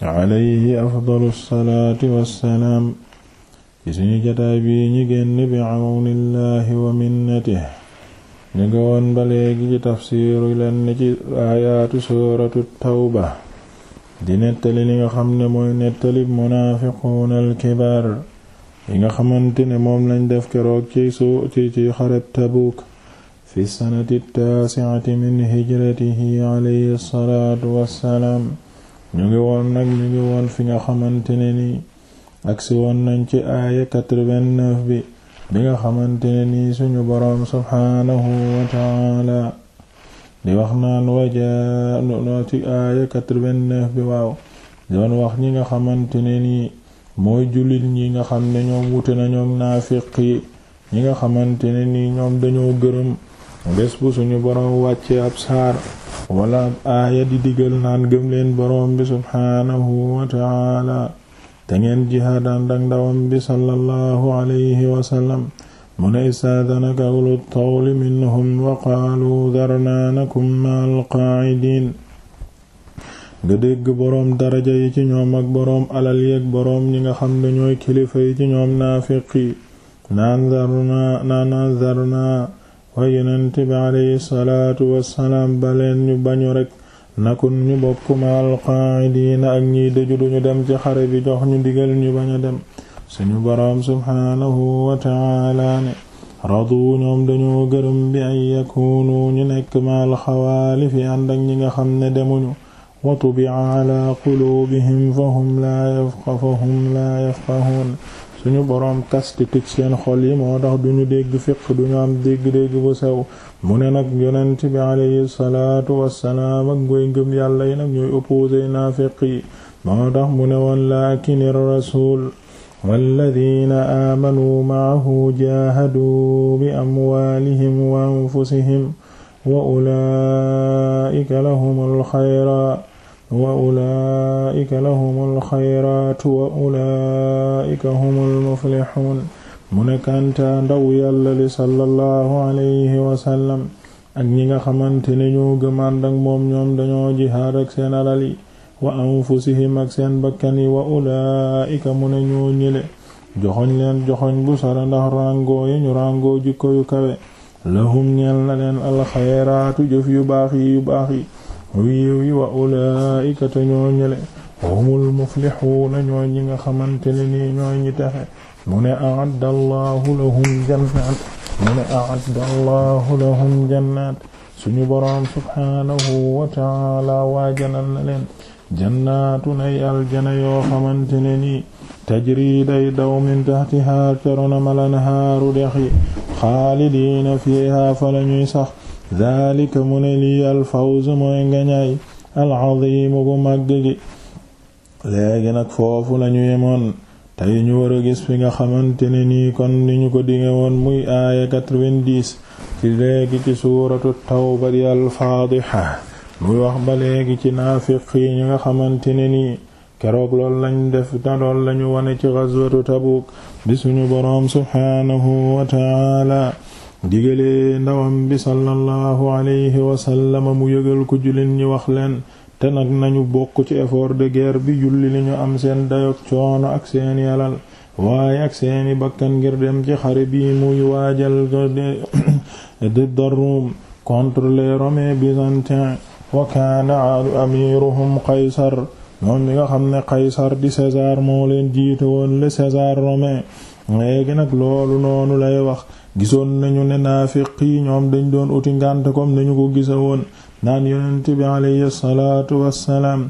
alayhi afdalu salaati wassalaam ci suñu jataay bii ñi génn bi awnillahi wa minnatihi ñu ngi woon ba léegi ci tafsiiru lenn ci aayaatu suuratu tawba di nettali li nga xam ne mooy nettali munaafiquuna alkibaar yi nga xamante ne moom lañ def keroog ci su ci ci xareb Tabuuk fi sanati taasiati min hijratihi alayhi salaatu wassalaam ñu ngi woon nag ñu ngi woon fi nga xamante ne nii agsi woon nañ ci aaya 89 bi bi nga xamante ne nii suñu boroom subhaanahu wa di wax naan wajaa noo ci aaya bi waaw doon wax ñi nga xamante ne nii mooy jullit ñi nga xam ne ñoom wute na ñoom naafiq yi ñi nga xamante ne nii ñoom dañoo gërëm bés bu suñu boroom wàcce ab saar wala aaya di digal naan gëm leen boroom bi subhaanahu wa taala te ngeen jihaad ànd bi sallallahu alayhi wasallam mu ne istadanaka ulu tawli minhum wa qaalu darnaa nakum ma alqaacidiin nga dégg boroom daraja yi ci ñoom ak boroom alal yi ak boroom ñi nga xam ñooy kilifa yi ci ñoom naafiqi naan darnaa naan wa yonent bi alayhi salaatu wassalaam baleen ñu bañu rekk nakun ñu bokk ma alqaa'idiina ak ñiy dëju duñu dem ci xare bi jox ñu digal ñu bañ a dem suñu boroom subhaanahu wa ta'aala ne radu ñoom dañoo gërëm bi ay yakunu ñu nekk ma alxawaali fi ànd ak ñi nga xam ne demuñu wa tubi'a ala quluubihim fa hum laa yafqahuun suñu boroom kasti tëj seen xol yi moo tax duñu dégg fiq duñu am dégg-dégg bu sew mu ne nag yonent bi alayhi salaatu wassalaam ak ngoy ngëm yàlla yi nag ñooy opposé naafiq yi moo tax mu ne woon laakini rasul walladina aamanuu maahu jaahaduu bi amwaalihim wa anfusihim wa ulaa'ika lahumul xayra wa ulaa'ika lahumul xayraatu wa ulaa'ika humul muflixuun mu ne kàntaa ndaw yàlla li sallallahu alayhi wasallam ak ñi nga xamante ne ñoo ak moom ñoom dañoo jihaad ak seen alal yi wa anfusihim ak seen bakkan yi wa ulaa'ika mu ne ñoo ñële joxoñ leen joxoñ bu ndax ràngoo yi ñu jikko yu kawe lahum ñeel na leen alxayraatu jëf yu baax yi yu baax yi yiw wa ulaa'ika te ñoo ñële humul ñi nga xamante ne nii ñoo ñi taxe mu ne a'adda allahu lahum jannaat mu ne a'adda allahu lahum jannaat suñu boroom subhaanahu wa ta'aala waajalal na leen jannaatun ay aljana yoo xamante ne nii daw min tahtihaa caronam al anhaaru dex yi xaalidiina fiihaa fa lañuy sax daalika mu ne lii alfawz mooy ngañaay alcadimu bu màgg gi léegi nag foofu lañu yemoon tey ñu war a gis fi nga xamante ne nii kon ni ñu ko dinge woon muy aaya 90 ci léegi ci suuratu tawba di alfaadixa muy wax ba léegi ci naafiq yi ñi nga xamante ne nii keroog lool lañ def ta lool lañu wone ci gazwatu Tabuk bi suñu boroom subhaanahu wa taala digalee ndawam bi sallallahu alayhi wasallama mu yëgal ko jullit ñi wax leen te nag nañu bokk ci effort de guerre bi julli li ñu am seen dayok coono ak seeni alal waaye ak seeni bakkan ngir dem ci xare bi muy waajal de darum contre les romains byzantins wa kaana amiruhum qaysar moom mi nga xam ne qaysar di César moo leen jiite woon le César romain léegi nag loolu noonu lay wax gisoon nañu ne naafiq yi ñoom dañ doon uti ngànt comme nañu ko gisa woon naan yonent bi alayhi salaatu wassalaam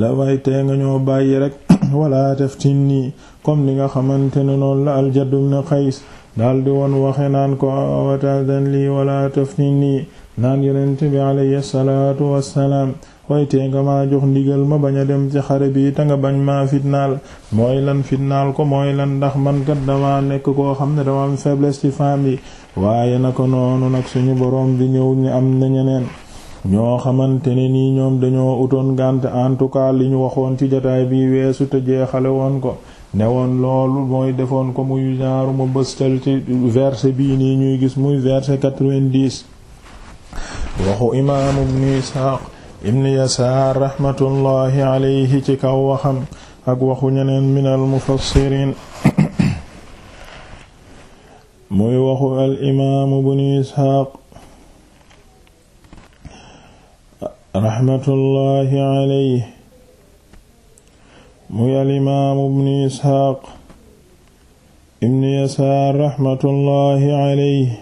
la way tee nga ñoo bàyyi rek wala taftin nii comme ni nga xamante ne noonu la aljad ibn qays daal di woon waxe naan ko awatadan lii wala taftin nii naan yonent bi alayhi salaatu wassalaam way tee nga maa jox ndigal ma bañ a dem ci xare bi te nga bañ maa fitnaal mooy lan fitnaal ko mooy lan ndax man kat dama nekk koo xam ne dama am faiblesse ci femme yi waaye naka noonu nag suñu boroom bi ñëw ñu am na ñeneen ñoo xamante ne nii ñoom dañoo utoon ngante en tout cas li ñu waxoon ci jataay bi weesu te jeexale woon ko ne woon loolu mooy defoon ko muy genre mu bëstal ci verset bii nii ñuy gis muy verset quatre vingt waxu imaamu ibnu Isaaq ibn yasaar raxmatullahi alayhi ci kaw waxam ak waxu ñeneen min al mufassiriin muy waxu al imaamu bnu isxaaq raxmatullahi alayhi muy al imaamu bnu isxaaq ibn yasaar raxmatullahi alayhi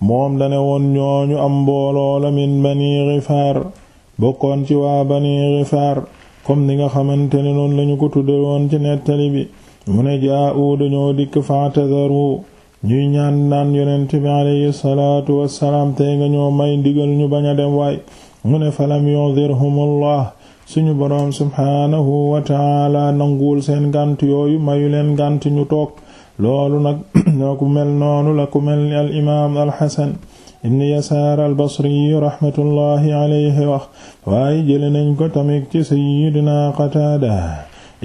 moom dane woon ñooñu am mbooloo min bani gifaar bokkoon ci waa bani Gifaar comme ni nga xamante ne noonu lañu ko tudde woon ci nettali bi mu ne jaa'u dañoo dikk fa'tadaru ñuy ñaan naan yonent bi alayhi salaatu wassalaam te nga ñoo may ndigal ñu bañ a dem waay mu ne falam yunzirhumullah suñu boroom subhaanahu wa ta'ala nanguwul seen gànt yooyu mayu leen gànt ñu toog loolu nag ñoo ku mel noonu la ku mel ni al imaam al Hasan ibni yasaar albasriyu raxmatullahi alayhi wax waaye jële nañ ko tamit ci sayidina qataada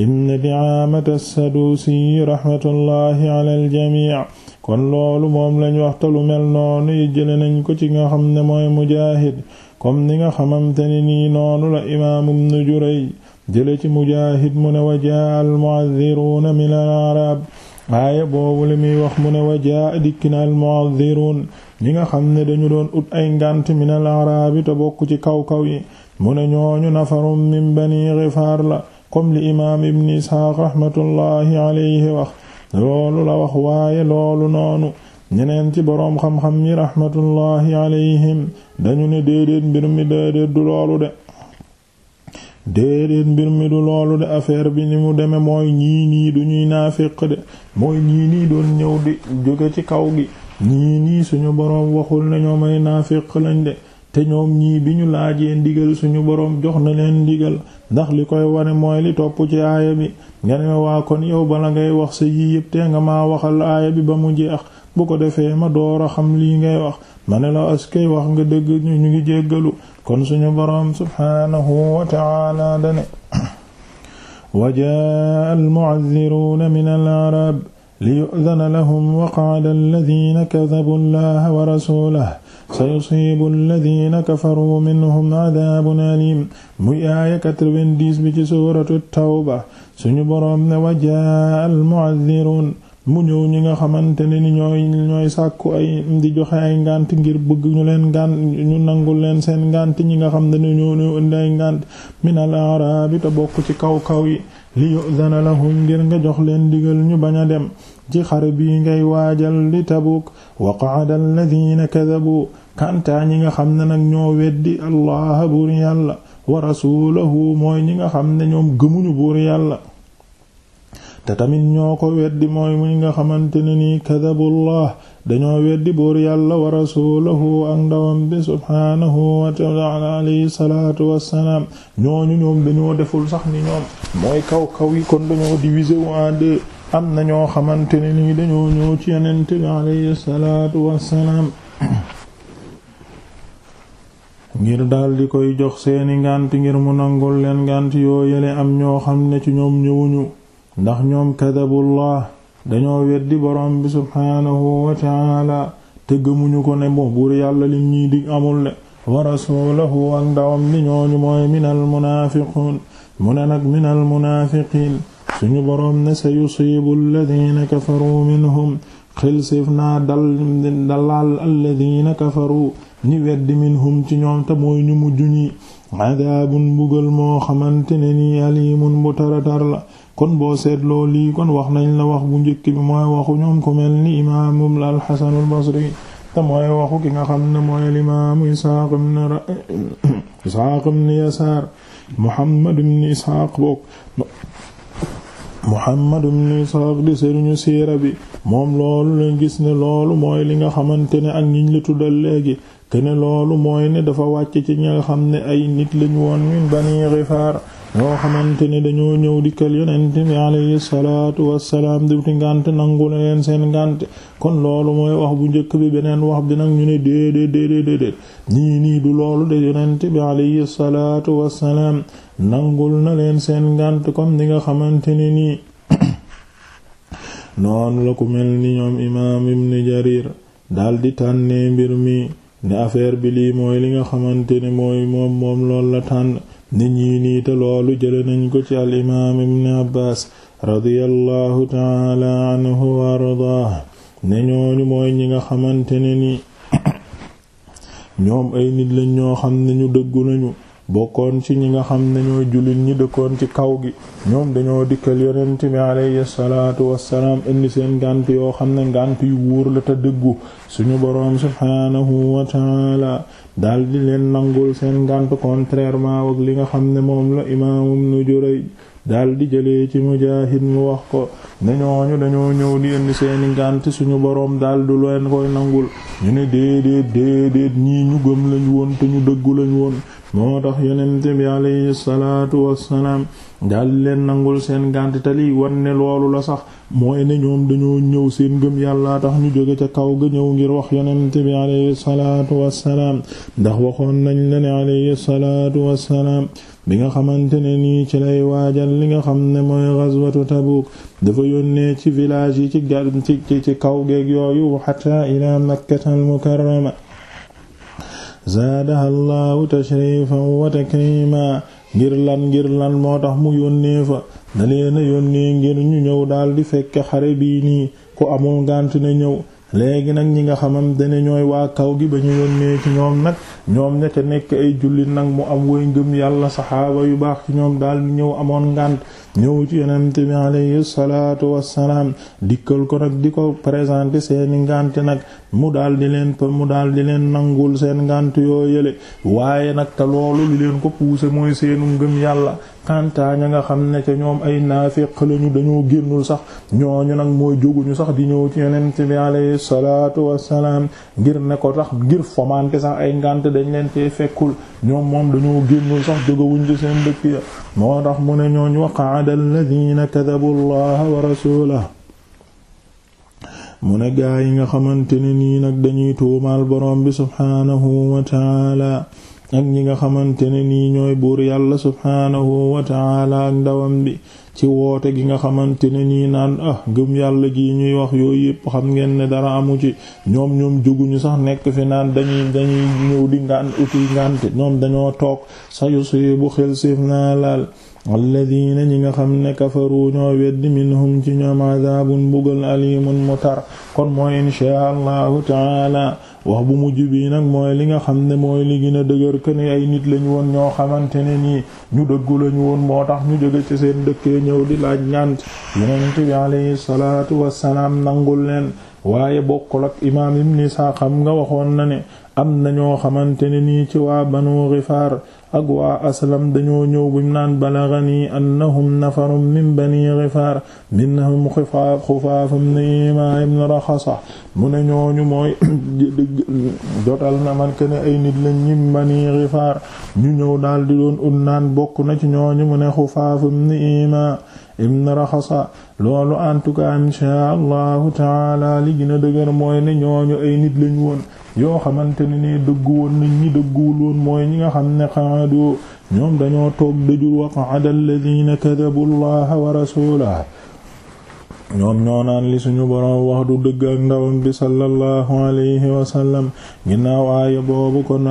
ibni diaamata assaduusi raxmatullahi ala aljamic kon loolu moom lañ wax talu mel noonu yi nañ ko ci nga xam ne mooy mujaahid comme ni nga xamante ne nii noonu la imaam ibnu juray jële ci mujaahid mu ne wajaa almucadiruuna min al arab aaya boobu li muy wax mu ne wajaa dikkina almucadiruun li nga xam ne dañu doon ut ay ngànt min al te bokk ci kaw-kaw yi mu ne ñooñu nafarum min bani gifaar la comme li imaam ibn isxaaq rahmatullahi alayhi wax loolu la wax waaye loolu noonu ñeneen ci boroom xam-xam yi rahmatullahi alayhim dañu ne déedéet mbir mi déedéet du loolu de déedéet mbir mi du loolu de affaire bi ni mu demee mooy ñii nii du ñuy naafiq de mooy ñii nii doon ñëw di jóge ci kaw gi ñii nii suñu boroom waxul ne ñoom ay naafiq lañ de te ñoom ñii bi ñu laajee ndigal suñu boroom jox na leen ndigal ndax li koy ware mooy li topp ci aaya bi nga ne waa kon yow bala ngay wax sa yii yëpp te nga ma waxal aaya bi ba mu jeex bu ko defee ma doora xam lii ngay wax ma ne la askay wax nga dëgg ñu ñu ngi jéggalu kon suñu boroom subhaanahu wa ta'ala dane wajaa al mu'azziruuna arab liyudana lahum waqaala alladina kadabuu allaha wa rasulahu sayusiibu alladina kafaruu minhum cadaabun aliim muy aaya 90 bi ci suuratu tawba suñu boroom ne wajaa almucadiruun mu ñëw ñi nga xamante ne ni ñooy ñooy ay di joxe ay ngànt ngir bëgg ñu leen ngànt ñu nangul leen seen ngant ñi nga xam ne ñoo ñoo indi ay ngànt min al te bokk ci kaw kaw yi li yu'dhana lahum ngir nga jox leen digal ñu bañ a dem ci xare bii ngay waajal di Tabuk wa qa'ada alladhina kadhabu kantaa ñi nga xam ne nag ñoo weddi allah buur yàlla wa rasuulahu mooy ñi nga xam ne ñoom gëmuñu buur yàlla te tamit ñoo ko weddi mooy muy nga xamante ne nii kadhabu allah dañoo weddi buur yàlla wa rasuulahu ak ndawam bi subhaanahu wa ta'ala alayhi salaatu wassalaam ñooñu ñoom dañoo deful sax ni ñoom mooy kaw kaw yi kon dañoo diviser wu en deux am na ñoo xamante ne nii dañoo ñëw ci yonent bi alayhi salaatu ngir daldi koy jox seeni ngànt ngir mu nangul leen ngànt yoo yele am ñoo xam ne ci ñoom ñëwuñu ndax ñoom kadabullah dañoo weddi borom bi subhaanahu wa taala te gëmuñu ko ne moo buur yàlla lim ñuy dig amul ne wa rasuulahu ak ndawam bi ñooñu mooy minal munaafiquun mu ne nag min munaafiqiin suñu boroom ne sa yusiibu alladiina kafaru minhum xilsif naa dal dalaal alladiina ci ñoom te mooy ñu mujj ñi adaabun mbugal moo xamante ne nii aliimun bu taratar la kon boo seetloo lii kon wax nañ la wax bu njëkk bi mooy waxu ñoom ku mel ni imaamul alxasanul basri te mooy waxu ki nga xam ne mooy alimaamu isxaaq ibn isxaaq ibn yasaar muhammad ibn isxaaq bokk muhammad ibn isxaaq di sëriñu bi moom loolu gis ne loolu mooy li nga xamante ne ak ñiñ la tuddal léegi te ne loolu mooy ne dafa wàcc ci ñi nga xam ne ay nit lañu woon min bani yoo xamante ne dañoo ñëw dikkal yonent bi alayhi salaatu wassalaam di wuti ngànt nangu na leen seen ngant kon loolu mooy wax bu njëkk bi beneen wax bi nag ñu ne déedéet déedéet nii nii du loolu de yonent bi alayhi salaatu wassalaam nangul na leen seen ngant comme ni nga xamante ne nii noonu la ku mel ni ñoom imaam ibn jarir daldi tànnee mbir mi ne affaire bi lii mooy li nga xamante ne mooy moom moom loolu la tànn nit ñi nii loolu jële nañ ko ci al imaam ibn abbaas radiyallahu taala anhu wa ardaah ne ñooñu mooy ñi nga xamante ne nii ñoom ay nit lañ ñoo xam ne ñu dëggu nañu bokkoon ci ñi nga xam ne ñooy jullit ñi dëkkoon ci kaw gi ñoom dañoo dikkal yonent bi alayhi salaatu wassalaam indi seen ngànt yoo xam ne ngànt yu wuur la te dëggu suñu boroom subhaanahu wa taala daldi leen nangul seen ngànt contrairement ak li nga xam ne moom la imaam Ibnu Jurayj daldi jëlee ci Mujaahid mu wax ko ne ñooñu dañoo ñëw di indi seeni ngànt suñu boroom daal du leen koy nangul ñu ne déedéet déedéet ñii ñu gëm lañ woon te ñu dëggu lañ woon moo tax yonent bi alayhi salaatu wassalaam daal leen nangul seen gànt te liy ne loolu la sax mooy ne ñoom dañoo ñëw seen gëm yàllaa tax ñu joge ca kaw ga ñëw ngir wax yonent bi alayhi salaatu wassalaam ndax waxoon nañ la ne alayhi salaatu wassalaam bi nga xamante ne nii ci lay waajal li nga xam ne mooy ghazwatu Tabuk dafa yónnee ci village yi ci gal ci ci kaw geeg yooyu hatta ila makkata al mukarrama zaadaha allahu tashrifan wa ngir lan ngir lan moo tax mu yónnee fa da leen a yónnee ngir ñu ñëw daal di fekke xare bii nii ku amul ngànt ne ñëw léegi nag ñi nga xamam dane ñooy waa kaw gi ba ñu yónnee ci ñoom nag ñoom ña nekk ay jullit nag mu am way ngëm yàlla saxaaba yu baax ci ñoom daal ñëw amoon ngànt ñëw ci yonent bi alayhi salaatu wassalaam dikkal ko nag di ko présenter seeni ngànt nag mu daal di leen mu daal di leen nangul seen ngànt yoo yële waaye nag te loolu li leen ko pousser mooy seenu ngëm yàlla kanta ña nga xam ne ca ñoom ay naafiq lañu dañoo génnul sax ñooñu nag mooy jóguñu sax di ñëw ci yonent bi alayhi salaatu wassalaam ngir ne ko tax ngir fomante sax ay ngant dañ leen fee fekkul ñoom moom dañoo génnul sax jógawuñ ci seen dëkk ya moo tax mu ne ñooñ wa qa'ada alladhina kadabu allaha wa rasulahu mu ne gaa yi nga xamante ni nii nag dañuy tuumaal borom bi subhaanahu wa ak ñi nga xamante ne nii ñooy buur yàlla subhaanahu wa ta'ala ndawam bi ci woote gi nga xamante ne nii naan ah gëm yàlla gii ñuy wax yooyu yëpp xam ngeen ne dara amu ci ñoom ñoom juguñu sax nekk fi naan dañuy dañuy ñëw di ngaan uti ngante ñoom dañoo toog sayu suy bu xel séef naa laal alladina ñi nga xam ne kafaru ñoo weddi minhum ci ñoom adabun mbugal alimun mu tar kon mooy inchaa allahu taala wax bu mujj bii nag mooy li nga xam ne mooy li gina a dëgër que ne ay nit lañ woon ñoo xamante ne nii ñu dëggu lañu woon moo tax ñu jóge ci seen dëkkee ñëw di laaj ñant yonent bi alayhi salaatu wassalaam nangul leen waaye bokkul ak imaam ibn Isaaq xam nga waxoon na ne am na ñoo xamante ne nii ci waa banu gifaar ak waa aslam dañoo ñëw buñ naan balagani annahum nafarun min bani gifaar minhum xufaaf xufaafum ni ima ibn raxasa mu ne ñooñu mooy jotal na man ke ne ay nit lañ ñim bani gifaar ñu ñëw daal di doon ut naan bokk na ci ñooñu mu ne xufaafum ni ima ibn raxasa loolu en tout cas allahu taala li gën dëgër mooy ne ñooñu ay nit lañ woon yoo xamante ne nii dëggu woon nañ ñi dëgguwul mooy ñi nga xam ne qaado ñoom dañoo toog dëjul wa qaada alladina kadabu allaha wa rasulah ñoom ñoo naan li suñu boroom wax du dëgg ak ndawam bi sallallahu alayhi wasallam ginnaaw aaya boobu kon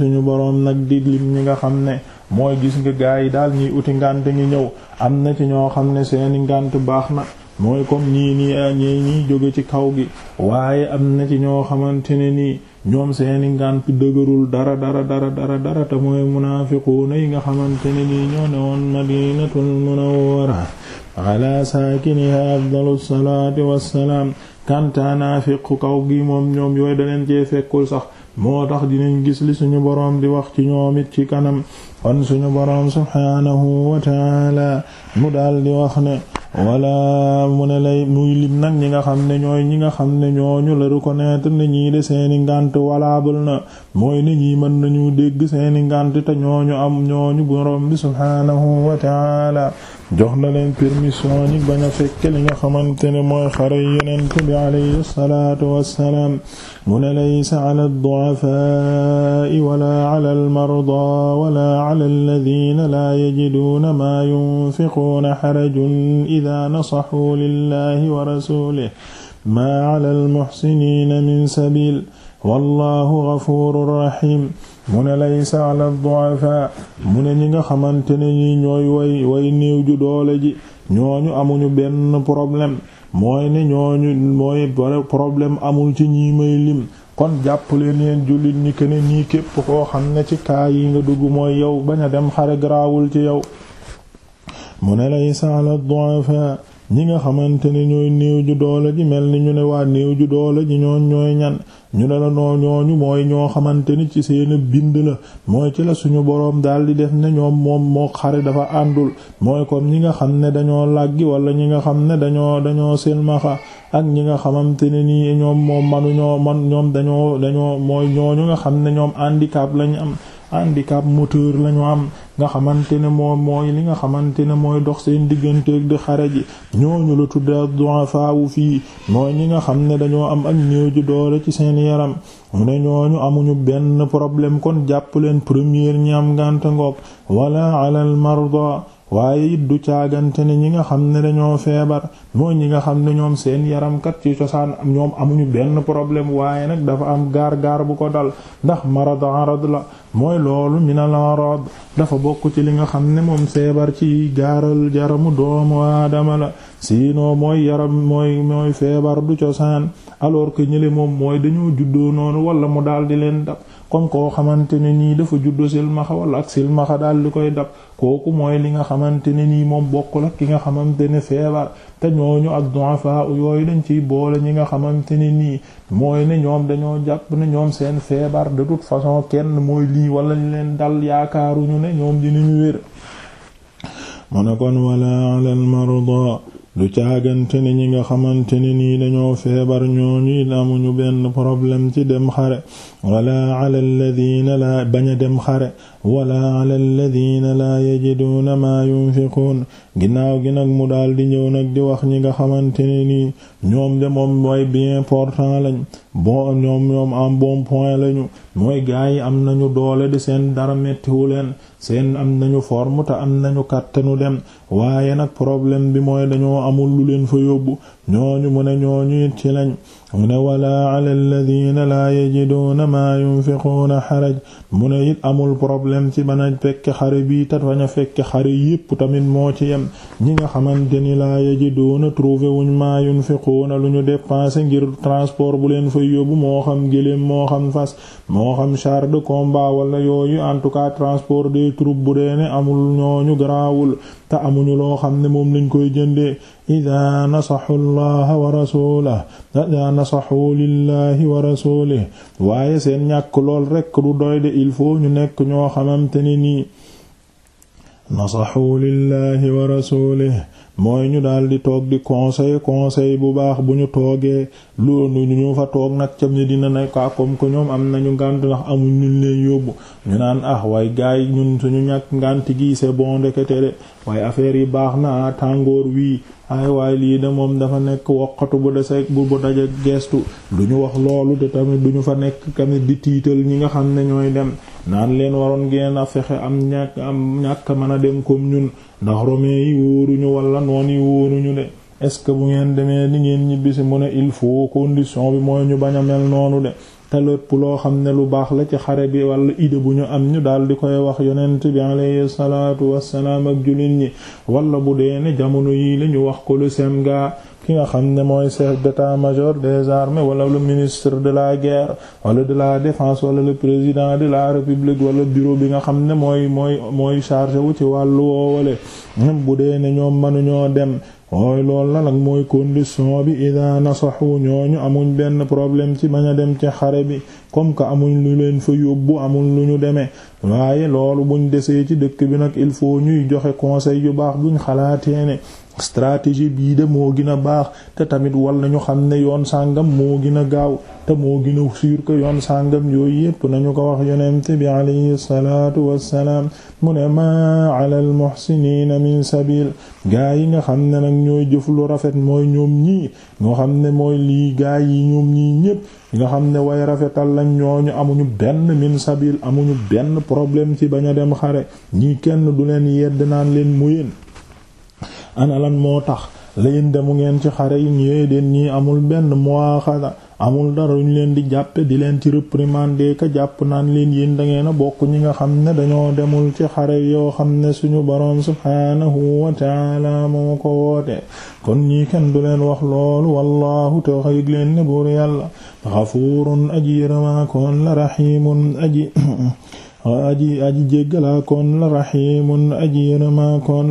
suñu boroom nag di lim ñi nga xam ne mooy gis nga gaa yi daal ñiy uti ngànt ngi ñëw am na ci ñoo xam ne seeni ngànt baax na mooy comme ah ñii nii a ñii jóge ci kaw gi waaye am na ci ñoo xamante ne nii ñoom seeni ngànt dëgërul dara dara dara dara dara te mooy munaafiquuna yi nga xamante ne nii ñoo ne woon madinatul munawwara ala saakiniha afdalu salaati wassalaam kantaa naafiqu kaw gi moom ñoom yooyu daleen cee fekkul sax moo tax dinañ gis li suñu boroom di wax ci ñoom it ci kanam kon suñu boroom subhaanahu wa taala mu daal di wax ne wala mu ne lay muy lim nag ñi nga xam ne ñooy ñi nga xam ne ñooñu la reconnaître ne ñii de seeni ngànt valable na mooy ne ñii mën nañu dégg seeni ngànt te ñooñu am ñooñu borom bi subhaanahu wa jox na leen permission ñi bañ a fekk li nga xamante ne mooy xare yonent bi alayhi salaatu wassalaam mu ne laysa ala ad-du'afaa'i wala ala al-mardaa wala ala alladhiina laa yajiduuna maa yunfiquuna harajun idhaa nasaxuu lillahi wa rasuulihi maa ala al-muhsiniina min sabiil wallaahu ghafuurun rahiim mu ne laysa ala du'afa mu ne ñi nga xamante ne ñi ñooy way way néew ju doole ji ñooñu amuñu benn problème mooy ne ñooñu mooy problème amul ci ñi may lim kon jàpp leen yeen jullit ñi ke ne ñii képp koo xam ne ci kaa yi nga dugg mooy yow bañ a dem xare garaawul ci yow mu ne laysa ala du'afa ñi nga xamante ne ñooy néew ju doole ji mel ni ñu ne waa néew ju doole ji ñooñ ñooy ñan ñu ne la noo ñooñu mooy ñoo xamante ni ci seen bind la mooy ci la suñu boroom daal di def ne ñoom moom moo xare dafa àndul mooy comme ñi nga xam ne dañoo làggi wala ñi nga xam ne dañoo dañoo silmaxa ak ñi nga xamante ne nii ñoom moom manu ñoo man ñoom dañoo dañoo mooy ñooñu nga xam ne ñoom handicap lañu am handicap moteur lañu am nga xamante ne moom mooy li nga xamante ne mooy dox seen digganteeg di xare ji ñooñu la tudde ad-du'afa fii mooy ñi nga xam ne dañoo am ak néew ji doole ci seen yaram mu ne ñooñu amuñu benn problème kon jàpp leen première ñi am ngànt ngoog wala alal marda waaye it du caagante ne ñi nga xam ne dañoo feebar mooy ñi nga xam ne ñoom seen yaramkat ci cosaan ñoom amuñu benn problème waaye nag dafa am gaar-gaar bu ko dal ndax marad arad la mooy loolu minal arad dafa bokk ci li nga xam ne moom feebar ci gaaral jaramu doomu aadama la sinon mooy yaram mooy mooy feebar du cosaan alors que ñële moom mooy dañoo juddoo noonu wala mu daal di leen dab comme koo xamante ne nii dafa juddu silmaxa wala ak silmaxa daal li koy dab kooku mooy li nga xamante ne nii moom bokkul ak ki nga xamante ne feebar te ñooñu ak du'afa yooyu dañ ciy boole ñi nga xamante ne nii mooy ne ñoom dañoo jàpp ne ñoom seen feebar de toute façon kenn mooy lii wala ñu leen dal yaakaaruñu ne ñoom dinañu wér mu ne kon wala alal marda du caagante ne ñi nga xamante ne nii dañoo feebar ñooñu it ñu benn problème ci dem xare wala ala alladina laa bañ a dem xare wala ala alladina laa yajiduuna maa yunfiquun ginnaaw gi nag mu daal di ñëw nag di wax ñi nga xamante ne nii ñoom de moom mooy bien portant lañ bon ñoom ñoom en bon point lañu mooy gaay am nañu doole di seen dara mettiwu leen seen am nañu forme te am nañu kàttanu dem waaye nag problème bi mooy dañoo amul lu leen fa yóbbu ñooñu mu ne ñooñu it ci lañ mu ne wala ala alladina laa yajiduuna maa xaraj mu ne amul problème ci bana fekk xare bi tat bañ a fekk xare yépp tamit moo ci yem ñi nga xamante ni laa yajiduuna trouvé wuñ maa yunfiquuna lu ñu dépensé ngir transport bu leen fay yóbbu moo xam gëléem moo xam fas moo xam char de combat wala yooyu en tout cas transport des troupes bu dee ne amul ñooñu garaawul te amuñu loo xam ne moom lañ koy jëndee ida nasaxu allaha wa rasulah ida nasaxu lillahi wa rasulih waaye seen ñàkk lool rekk du doy de il faut ñu nekk ñoo xamante ne nii nasaxu lillahi wa rasulih mooy ñu daal di toog di conseil conseil bu baax bu ñu toogee loolu ñu fa toog nag ca Medina ne ka ah, comme que ñoom am nañu ngànt ndax amuñ ñu leen yóbbu ñu naan ah waaye gaay ñun suñu ñàkk ngànt gi c'est bon ndekete de waaye affaire yi baax na ah, tàngoor wii ay waaye lii de moom dafa nekk woqatu bu dese bu bu daje gestu du ñu wax loolu te tamit du ñu fa nekk tamit di tiital ñi nga xam ne ñooy dem naan leen waroon ngeen a fexe am ñàkk am ñàkk mën a dem comme ñun ndax romain yi wóoruñu wala noon yi wóoruñu de est-ce que bu ngeen demee di ngeen ñibbisi mu ne il faut condition bi mooy ñu bañ a mel noonu de te lépp loo xam ne lu baax la ci xare bi wala idée bu ñu am ñu daal di koy wax yonent bi alayhi salaatu wassalaam ak jullit yi wala bu dee ne jamono yii la ñu wax ko lu sem gaa ki nga xam ne mooy chef d'état-major des armées wala le ministre de la guerre wala de la défense wala le président de la république wala bureau bi nga xam ne mooy mooy mooy chargé wu ci wàllu woowale même bu dee ne ñoom mënuñoo dem mooy lool la nag mooy condition bi ida nasaxu ñu amuñ benn problème ci bañ a dem ci xare bi comme que amuñ lu leen fa yóbbu amuñ lu ñu demee waaye loolu buñ desee ci dëkk bi nag il faut ñuy joxe conseil yu baax buñ xalaatee stratégie bii de moo gën a baax te tamit wal nañu xam ne yoon sàngam moo gën a gaaw te moo gina a sûr que yoon sàngam yooyu yépp nañu ko wax yonent bi alayhi salaatu wassalaam mu ne ma ala al muhsiniina min sabil gaa yi nga xam ne nag ñooy jëf lu rafet mooy ñoom ñii ñoo xam ne mooy lii gaa yi ñoom ñii ñépp nga xam ne way rafetal lañ ñooñu amuñu benn min sabil amuñu benn problème ci bañ a dem xare ñii kenn du leen yedd naan leen muyeen ana lan moo tax layin demu ngeen ci xare yi ñëwee den nii amul benn muwaaxada amul dara ñu leen di jàppe di leen ci réprimander ka jàpp naan leen yéen dangeen a bokk ñi nga xam ne dañoo demul ci xare yoo xam ne suñu boroom subhaanahu wa taala moo ko woote kon ñii kenn du leen wax loolu wallahu te wax yëg leen ne buur yàlla xafuurun aji yërëmaakoon la raxiimun aji aji aji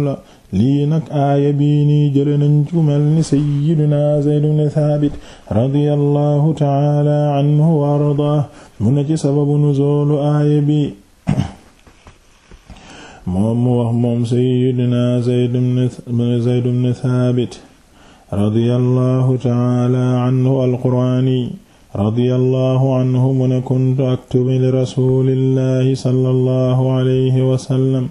la lii nag aaya bii nii jële nañ ku mel ni sayyidina Zayd ibn Thabit radiyallahu ta'ala anhu wa ardaah mu ne ci sababu nuzuulu aaya bi moom mu wax moom sayyidina Zayd ibn Thabit radiyallahu ta'ala anhu al-Quraani radiyallahu anhu mu ne kuntu aktubu li rasuulillahi sallallahu alayhi wa sallam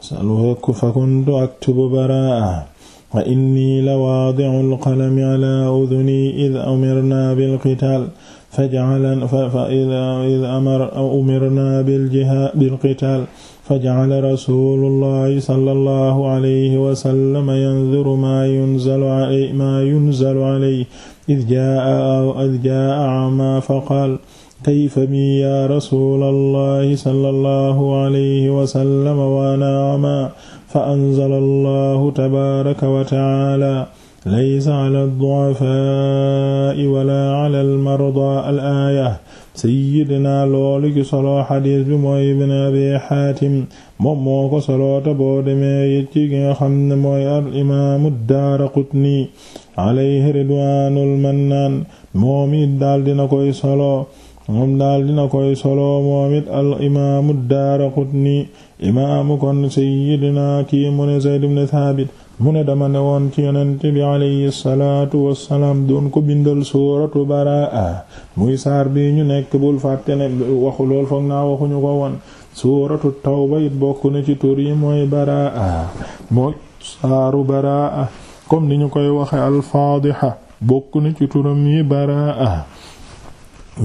salwaku fakuntu aktubu baraa wa inni la waadicu lqalami ala uduni id umirna bilqitaal fajacala fa id umirna bilqitaal fajacala rasuulullahi sallallahu alayhi wa sallam yanzuru maa yunzalu calayhi id jaaca ama faqaal kayfa bi ya rasulallahi sallallahu alayhi wasallam wa ana ama fa anzala allahu tabaraka wa taala laysa ala du'afaa'i wala ala almarda al aaya sayyidina loolu ki soloo xadiis bi mooy ibn abi xaatim moom moo ko soloota boo demee ci gi nga xam ne mooy al imaamu daaraqutni alayhi ridwaanul mannaan moom it daal dina koy solo moom daal dina koy solo moom it al imaamu Daaraqutni imaamu kon sayyidina kii mu ne Zayd ibn Thabit mu ne dama ne woon ci yonent bi alayhi salaatu wassalaam doon ko bindal suuratu baraa muy saar bi ñu nekk bul fàtte ne waxu lool foog naa waxuñu ko won suuratu tawba it bokk na ci tur yi mooy baraaa mooy saaru baraa comme ni ñu koy waxe al faadiha bokk na ci turam yi baraa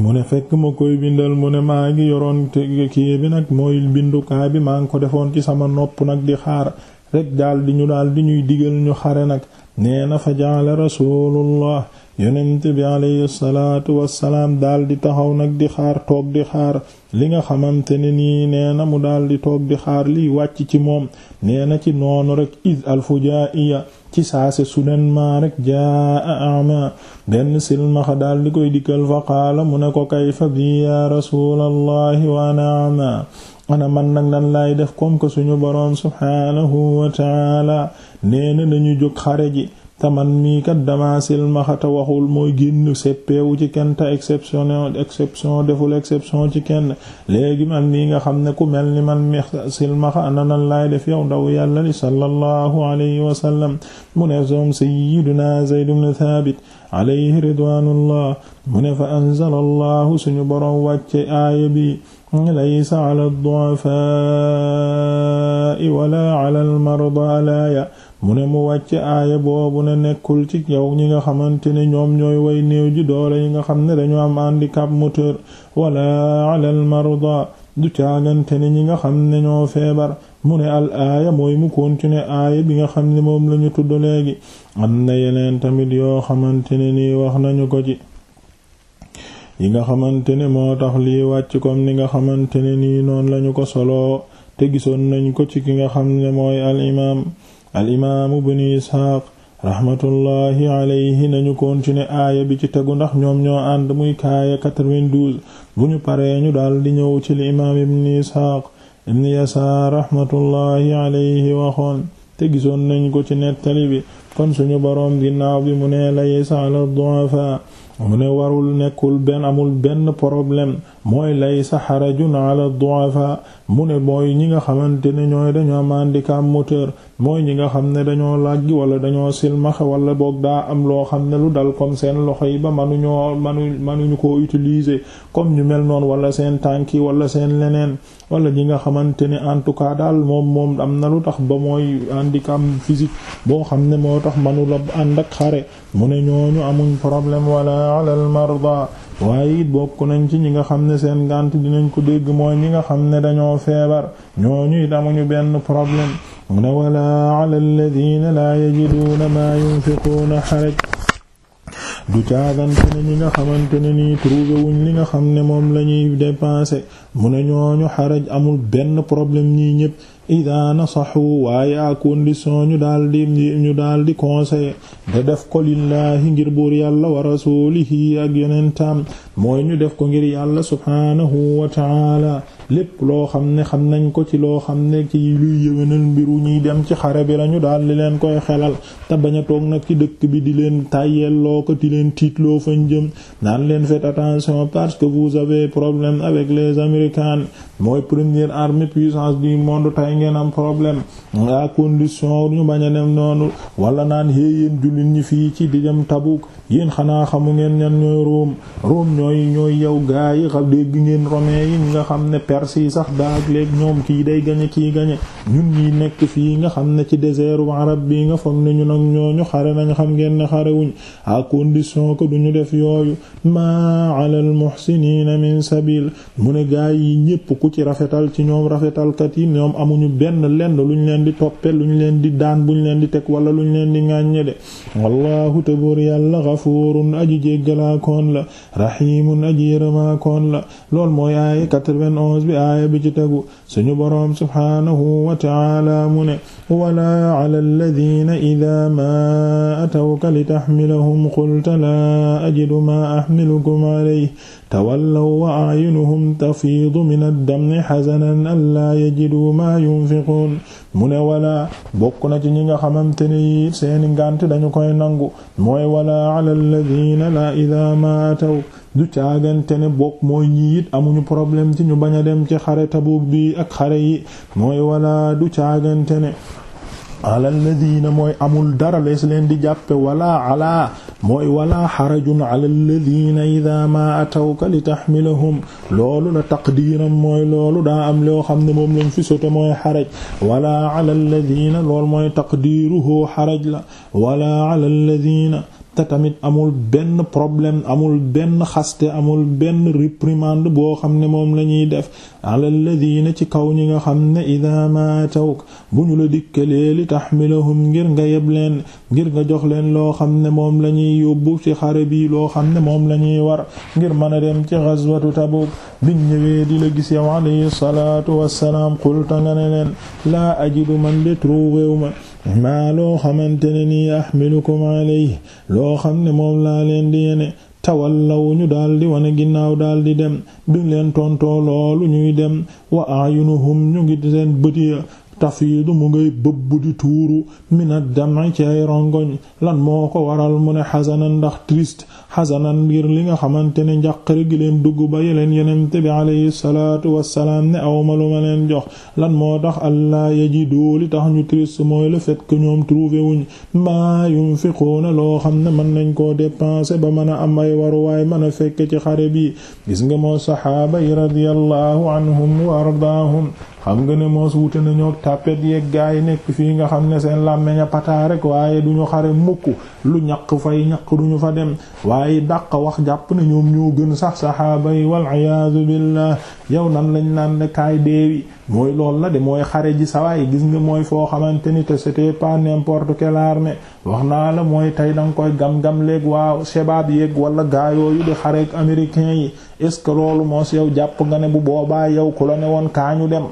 mu ne fekk ma koy bindal mu ne maa ngi yoroon kii bi nag mooy bindukaay bi maa ngi ko defoon ci sama nopp nag di xaar rek daal di ñu daal di ñuy digal ñu xare nag nee na fa jaala rasulullah yonent bi alayhi salaatu wassalaam daal di taxaw nag di xaar toog di xaar li nga xamante ne nii nee na mu daal di toog di xaar liy wàcc ci moom nee na ci noonu rek id alfujaiya ci saase soudainement rek jaa ama benn silmaxa daal di koy dikkal fa qaala mu ne ko kayfa bi ya rasulallahi wa ana ama ana man nag lan lay def comme que suñu boroom subhaanahu wa taala nee na jóg xare te man mii kat silmaxa ta waxul mooy génn seppeewu ci kenn te exception exception deful exception ci kenn léegi man nga xam ne ku mel ni man mi silmaxa ana nan laay def yow ndaw yàlla li sallallahu alayhi wasallam mu ne soom sayyiduna Zayd ibn Thabit alayhi ridwanullah mu ne fa anzala allahu suñu boroom wàcce aaya bi laysa ala ad-du'afa'i wala ala al-marda laaya mu ne mu wàcce aaya boobu ne nekkul ci yow ñi nga xamante ne ñoom ñooy way néew ji doole yi nga xam ne dañu am handicap moteur wala alal marda du caagante ne ñi nga xam ne ñoo feebar mu ne al aaya mooy mu continuer aaya bi nga xam ne moom lañu tudd léegi am na yeneen tamit yoo xamante ne nii wax nañu ko ci yi nga xamante ne moo tax lii wàcc comme ni nga xamante ne nii noonu lañu ko soloo te gisoon nañu ko ci ki nga xam ne mooy al imaam al imaamu bnu isxaaq raxmatullahi alayhi nañu continuer aaya bi ci tegu ndax ñoom ñoo ànd muy kaaya 92 bu ñu paree ñu daal di ñëw ci li imaam ibnu isxaaq ibnu yasaar raxmatullahi alayhi waxoon te gisoon nañ ko ci nettali bi kon suñu boroom ginnaaw bi mu ne laysa ala du'afa mu ne warul nekkul benn amul benn problème mooy laysa na ala du'afa mu ne mooy ñi nga xamante ne ñooy dañoo am handicap moteur mooy ñi nga xam ne dañoo làggi wala dañoo silmaxa wala boog daa am loo xam ne lu dal comme seen loxo yi ba manuñoo manu manuñu ko utiliser comme ñu mel noonu wala seen tànk yi wala seen leneen wala ñi nga xamante ne en tout cas daal moom moom am na lu tax ba mooy handicap physique boo xam ne moo tax manu la ànd ak xare mu ne ñooñu amuñ problème wala alal marda waaye it bokk nañ ci ñi nga xam ne seen ngànt dinañ ko dégg mooy ñi nga xam ne dañoo feebar ñooñu it amuñu benn problème mu ne wala ala alladina laa yajiduuna maa yunfiquuna du caagante ñi nga xamante ne nii trouvé wuñ li nga xam ne moom la ñuy dépenser mu ne ñu xaraj amul benn problème ñii ñépp ida nasaxu waaye à condition ñu daal di ñu daal di conseil da def ko lillaahi ngir buur yàlla wa rasulihi ak yonentam mooy ñu def ko ngir yàlla subhaanahu wa taala lépp loo xam ne xam nañ ko ci loo xam ne ci luy yëwénal mbiru ñuy dem ci xare bi la ñu daal di leen koy xelal te bañ nag ci dëkk bi di leen tàyyelloo ko di leen tiitloo fañ jëm naan leen faites attention parce que vous avez problème avec les Américains mooy première armée puissance du monde tey ngeen am problème à condition ñu bañ a dem noonu wala naan hee yéen jullit ñi fii ci di dem Tabuk yéen xanaa xamu ngeen ñan ñooy Rome Rome ñooy ñooy yow gaa yi xam dégg ngeen romain yi nga xam ne perse yi sax daag léeg ñoom kii day gañe kii gañe ñun ñi nekk fii nga xam ne ci désert u arab bi nga foog ne ñun ak ñooñu xare nañ xam ngeen ne xarewuñ à condition que duñu def yooyu ma ala al muhsinin min sabil mu ne gaa yi ñépp ku ci rafetal ci ñoom rafetalkat yi ñoom amuñu benn lenn lu ñu leen di toppe lu ñu leen di daan bu ñu leen di teg wala lu ñu leen di ŋàññe de wallahu tabor yàlla gafuurun aji jéggalaakoon la rahimun aji yërëmaakoon la lool mooy aaya 91 bi aaya bi ci tegu suñu boroom subhaanahu wa ta'ala mu ne wala ala alladina ida ma atawka li taxmilahum qulta la ajidu ma axmilukum alayhi tawallaw wa ayunuhum tafiidu min ad-dam'i hazanan allaa yajidu maa yunfiqun mu ne wala bokk na ci ñi nga xamante ne yi seeni ngànt dañu koy nangu mooy wala ala alladhina la idha ma ataw du caagante ne bokk mooy ñi it amuñu problème ci ñu bañ a dem ci xare Tabuk bi ak xare yi mooy wala du caagante ne ala alladina mooy amul dara lees leen di jàppe wala ala mooy wala xarajun ala alladina ida ma atawka li taxmilahum loolu la taqdiiram mooy loolu daa am loo xam ne moom lañ fi soto mooy xaraj wala ala alladina loolu mooy taqdiiruhu xaraj la wala ala alladina te tamit amul benn problème amul benn xaste amul benn réprimande boo xam ne moom la ñuy def ala alladina ci kaw ñi nga xam ne ida maatawk bu ñu la dikkalee li tahmilahum ngir nga yeb leen ngir nga jox leen loo xam ne moom la ñuy yóbbu ci xare bi loo xam ne moom la ñuy war ngir mën a dem ci ghazwatu Tabuk biñ ñëwee di la gis yow alayhi salaatu wassalaam qulta nga ne leen laa ajidu man de trouvéwuma maa loo xamante ne nii ahmilukum alayhi loo xam ne moom laa leen di yene tawallaw ñu daldi wane ginnaaw daldi dem du leen tontoo loolu ñuy dem wa ayunuhum ñu ngi seen bët ya tafiidu mu ngay bëbb di tuuru mina dami ci ay rongoñ lan moo ko waral mu ne xasanan ndax triste xasana ngir li nga xamante ne njàqare gi leen dugg ba leen yenente bi alayhi salaatu wassalaam ne awma lu ma leen jox lan moo tax allaa yajidu li tax ñu triste mooy le fait que ñoom trouvé wuñ maa yunfiquuna loo xam ne mën nañ koo dépenser ba mën a am ay waruwaay mën a fekk ci xare bi gis nga moo saxaaba yi radiyallahu anhum wa ardaahum xam nga ne moos wute nañoo tàppet yeeg gaa yi nekk fii nga xam ne seen làmmeñ a pataa rek waaye duñu ñu xare mukk lu ñaq fay ñaq du ñu fa dem waaye dàq wax jàpp ne ñoom ñoo gën sax saxaaba yi wal iyaadu billah yow nan lañ naan ne kaay deewi mooy lool mooy xare ji sawaay gis nga mooy foo xamante ni te c'était pas n'importe quelle armée wax naa la mooy tey danga koy gam-gam waa chebaab yeeg wala gaayooyu di xareek américains yi est ce que loolu moos yow jàpp nga ne bu boobaa yow ku la ne woon kaa ñu dem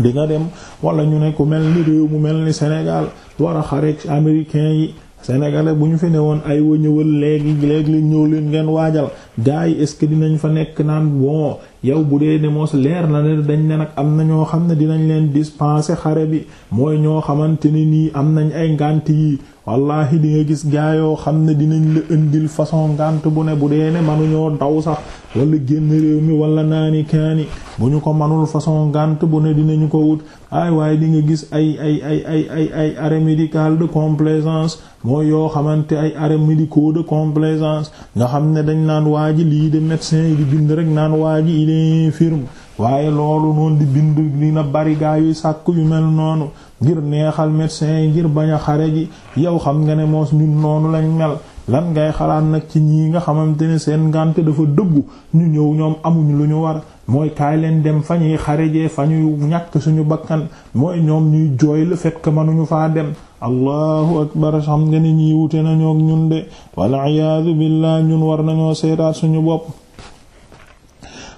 di nga dem wala ñu ne ku mel ni réew mu mel ni Sénégal war a xareek américain yi sénégalais bu ñu fi ne woon ay wa ñëwal léegi léegi leen ñëw leen ngeen waajal gars yi est ce que dinañ fa nekk naan bon yow bu dee ne mos leer na ne dañ ne nag am na ñoo xam ne dinañ leen dispenser xare bi mooy ñoo xamante ni nii am nañ ay ngànt yi wallahi di nga gis gaayoo xam ne dinañ la indil façon ngànt bu ne bu dee ne manuñoo daw sax wala génn réew mi wala naani kaani bu ñu ko manul façon ngànt bu ne dinañu ko wut ay waaye di nga gis ay ay ay ay ay ay arrêt médical de complaisance mooy yoo xamante ay arrêt médicaux de complaisance nga xam ne dañ naan waa lii de médecin yi di bind rek naan waa ji dee firme waaye loolu noonu di bind dina bari gaa yuy sàkk yu mel noonu ngir neexal médecin yi ngir bañ a xare ji yow xam nga ne moo ñun noonu lañ mel lan ngay xalaat nag ci ñii nga xamante ne seen ngànte dafa dëggu ñu ñëw ñoom amuñu lu ñu war mooy kaay leen dem fa ñuy xarejee fa ñuy ñàkk suñu bakkan mooy ñoom ñuy jooy le fait que mënuñu faa dem allahu akbar xam nga ne ñii wute nañoo ak ñun de wal iyaadu billah ñun war nañoo seetaat suñu bopp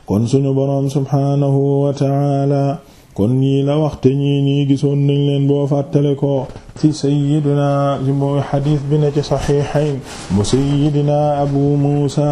kon suñu boroom subhaanahu wa ta'ala kon ñii la waxte ñii nii gisoon nañ leen boo fàttale ko ci sayyidina ci mooy xadiis bi na ci saxiixayn mu sayyidina abu muusa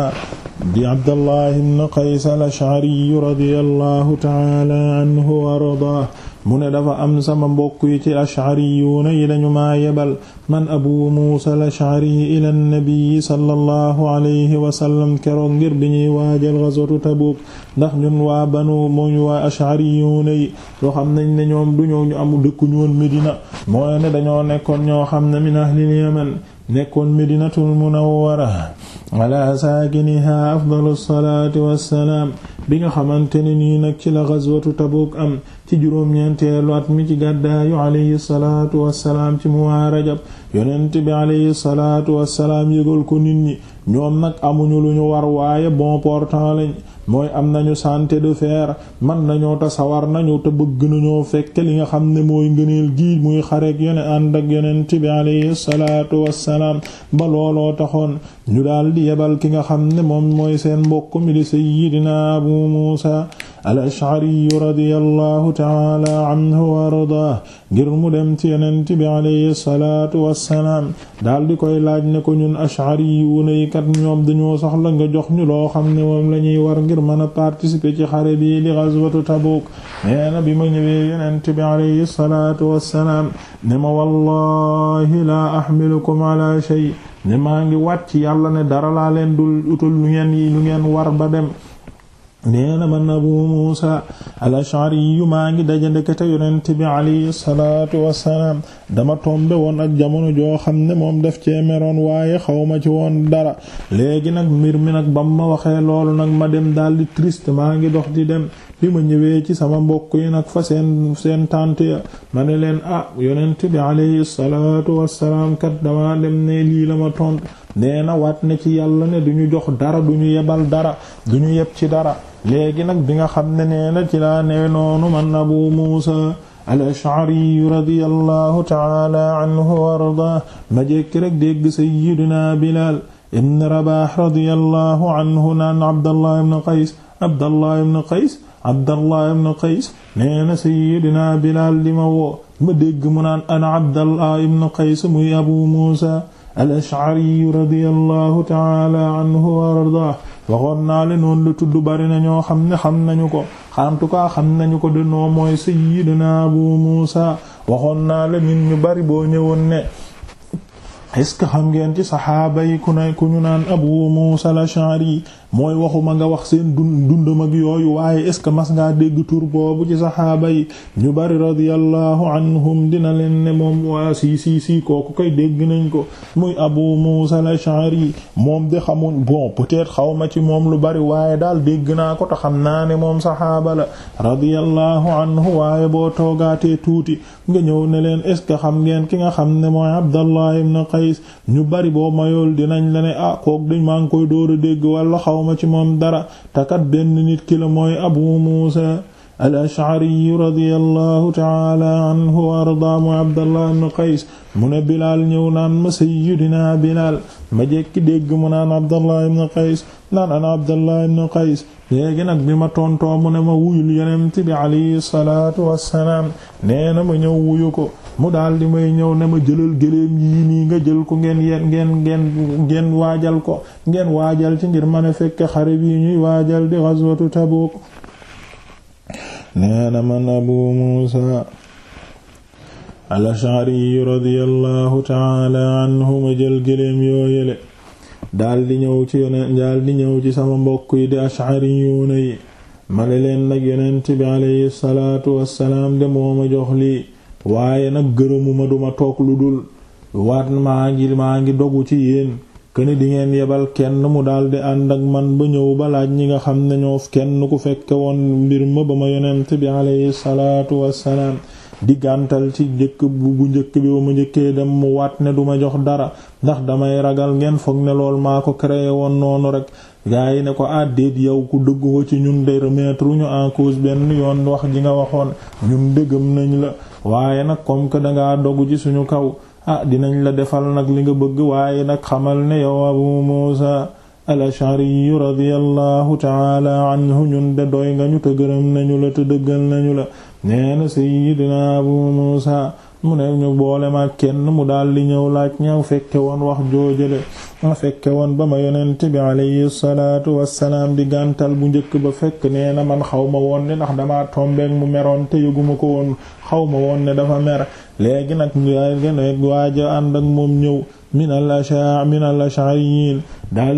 di abdallah ibn qays al ash'ari radiyallahu ta'ala anhu wa ardaahu mu ne dafa am sama mbokk yi ci ashariyuuna yi dañu ma yebal man abu muusa al-ashari ila nabii sallallahu alayhi wa sallam keroog ngir bi ñuy waajal ghazwatu Tabuk ndax ñun waa banu mooñ waa ashariyuuna yi yoo xam nañ ne ñoom du ñëw ñu amu dëkkuñu woon Medina mooy ne dañoo nekkoon ñoo xam ne min ahlil yaman nekkoon medinatul munawwara ala saakiniha afdalu salaati wassalaam bi nga xamante ne nii nag ci la ghazwatu Tabuk am ci juróom-ñeenteelu at mi ci gàddaayu alayhi salaatu wassalaam ci mois rajab yonent bi alayhi salaatu wassalaam yëgal ko nit ñi ñoom nag amuñu lu ñu war waaye bon portant lañ mooy am nañu santé de fer man nañoo te sawar nañu te bëgg nañoo fekk li nga xam ne mooy ngëneel gi muy xareek yone ànd ak yonent bi alayhi salaatu wassalaam ba looloo taxoon ñu daal di yebal ki nga xam ne moom mooy seen mbokk mi di sayyidina Abu Muusa al-Ash'ari radiyallahu ta'ala anhu wa ardaah ngir mu dem ci yeneen bi alayhi salaatu wassalaam daal di koy laaj ne ko ñun Ash'ari wu nay kat ñoom dañoo soxla nga jox ñu loo xam ne moom la ñuy war ngir mën a participer ci xare bi di ghazwatu Tabuk nee na bi ma ñëwee Yonent bi alayhi salaatu wassalaam ne ma wallahi laa ahmilukum ala shay ne maa ngi wàcc yàlla ne dara laa leen dul utal lu ngeen yi lu ngeen war ba dem neena man abu muusa al-ash'ari yu maa ngi dajandekate yonent bi alayhi salaatu wassalaam dama tombe woon ak jamono joo xam ne moom def cee meroon waaye xawma ci woon dara léegi nag mbir mi nag bam ma waxee loolu nag ma dem daldi triste maa ngi dox di dem bi ma ñëwee ci sama mbokk yi nag fa seen seen tànt ya ma ne leen ah yonent bi alayhi salaatu wassalaam kat dama dem ne lii la ma tont nee na waat ne ci yàlla ne duñu jox dara duñu yebal dara duñu yeb ci dara léegi nag bi nga xam ne nee na ci laa nee noonu man abu muusa al-ash'ari radiyallahu ta'ala anhu wa ardaa ma jekk rek dégg sayyidina bilal ibn rabah radiyallahu anhu naan abdallah ibn qays abdallah ibn di ma woo ma dégg mu naan ana abdallah ibn qays muy abu muusa al-ash'ari radiyallahu ta'ala anhu wa ardaa waxoon naa leen noonu la tudd bari na ñoo xam ne xam nañu ko en tout cas xam nañu ko de noo mooy sayyidina Abu Muusa waxoon naa la ñu bari boo ñëwoon ne est-ce xam ngeen ci saxaaba yi ku ne ku ñu naan Abu Muusa al-Ash'ari mooy waxuma nga wax seen dund dundam ak yooyu waaye est ce que mas ngaa dégg tur boobu ci saxaaba yi ñu bari radiyallahu anhum dina leen ne moom waa si si si kooku koy dégg nañ ko muy Abu Musa al yi moom de xamuñ bon peut-être xaw ma ci moom lu bari waaye daal dégg naa ko te xam naa ne moom saxaaba la radiyallahu anhu waaye boo toogaatee tuuti nga ñëw ne leen est ce que xam ngeen ki nga xam ne mooy Abdallah ibn Qays ñu bari boo mayool dinañ la ne ah kooku dañ maa ngi koy door a dégg wala xawma ci moom dara takat benn nit la mooy abu muusa al-ash'ari radiyallahu ta'ala anhu wa ardaa mu abdallah qays mu ne bilaal ñëw naan ma sayyidina bilaal ma jekki dégg mu naan abdallah ibn qays naan ana abdallah ibn qays léegi nag bi ma tontoo mu ne ma wuyul yeneen bi alayhi salaatu wassalaam nee ma ñëw wuyu ko mu daal di may ñëw ne ma jëlal gëléem yii nii nga jël ko ngeen yeen ngeen ngeen ngeen waajal ko ngeen waajal ci ngir mën a fekke xare bi ñuy waajal di ghazwatu Tabuk nee na man Abu Muusa al-Ash'ari radiyallahu ta'ala anhu jël gëléem yoo daal di ñëw ci yonent daal di ñëw ci sama mbokk yi di ashariyuuna yi ma ne leen nag yonent bi alayhi salaatu wassalaam de moo ma jox lii waaye nag gërëmuma duma toog lu dul waat maa ngi maa ngi dogu ci yéen këni di ngeen yebal kenn mu daldi ànd ak man ba ñëw ba laaj ñi nga xam ne ñoo kenn ku fekke woon mbir ma ba ma yonent bi alayhi salaatu wassalaam di gàntal ci njëkk bu njëkk bi ba ma njëkkee dem mu waat ne duma jox dara ndax damay ragal ngeen foog ne lool maa ko créé woon noonu rek gaa yi ne ko àddeet ah, yow ku dëgg ko ci ñun de remettre ñu en cause benn yoon wax ji nga waxoon ñun dëggam nañu la waaye nag comme que dangaa dogu ci suñu kaw ah dinañ la defal nag li nga bëgg waaye nag xamal ne yow Abu Muusa al-Ash'ari radiyallahu ta'ala anhu ñun de doy nga ñu te gërëm nañu la te dëggal nañu la neena sayyidina abu muusa mu ne ñu boole ma kenn mu daal di ñëw laaj ñaw fekke woon wax joojale ma fekke woon ba ma yonent bi alayhi salaatu wassalaam di gàntal bu njëkk ba fekk nee na man xaw ma woon ne ndax damaa tombeek mu meroon te yëguma ko woon xawma woon ne dafa mer léegi nag nag waaja ànd ak moom ñëw min al ash'a min al ash'ariyin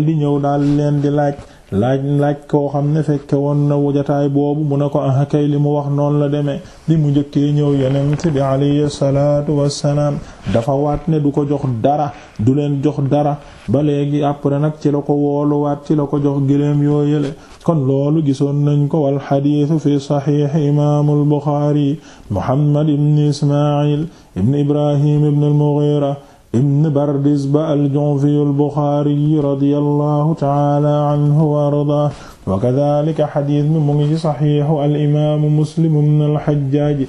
di ñëw daal leen di laaj laaj laaj koo xam ne fekke woon na wujataay boobu mu ne ko ah kay li mu wax noonu la demee li mu njëkkee ñëw yonent bi alayhi salaatu wassalaam dafa waat ne du ko jox dara du leen jox dara ba léegi après nag ci la ko wooluwaat ci la ko jox gëléem yoo yële kon loolu gisoon nañ ko wal xadiisu fi saxiix imaamul buxaari muhammad ibn ismail ibn ibrahim ibn al-mughira ibn bardisba aljonfiyu albuxaariyi radiyallahu taala anhu wa ardah wa kadalika xadiis bi mu ngi ci saxiixu alimaamu muslim ibn alxajjaaji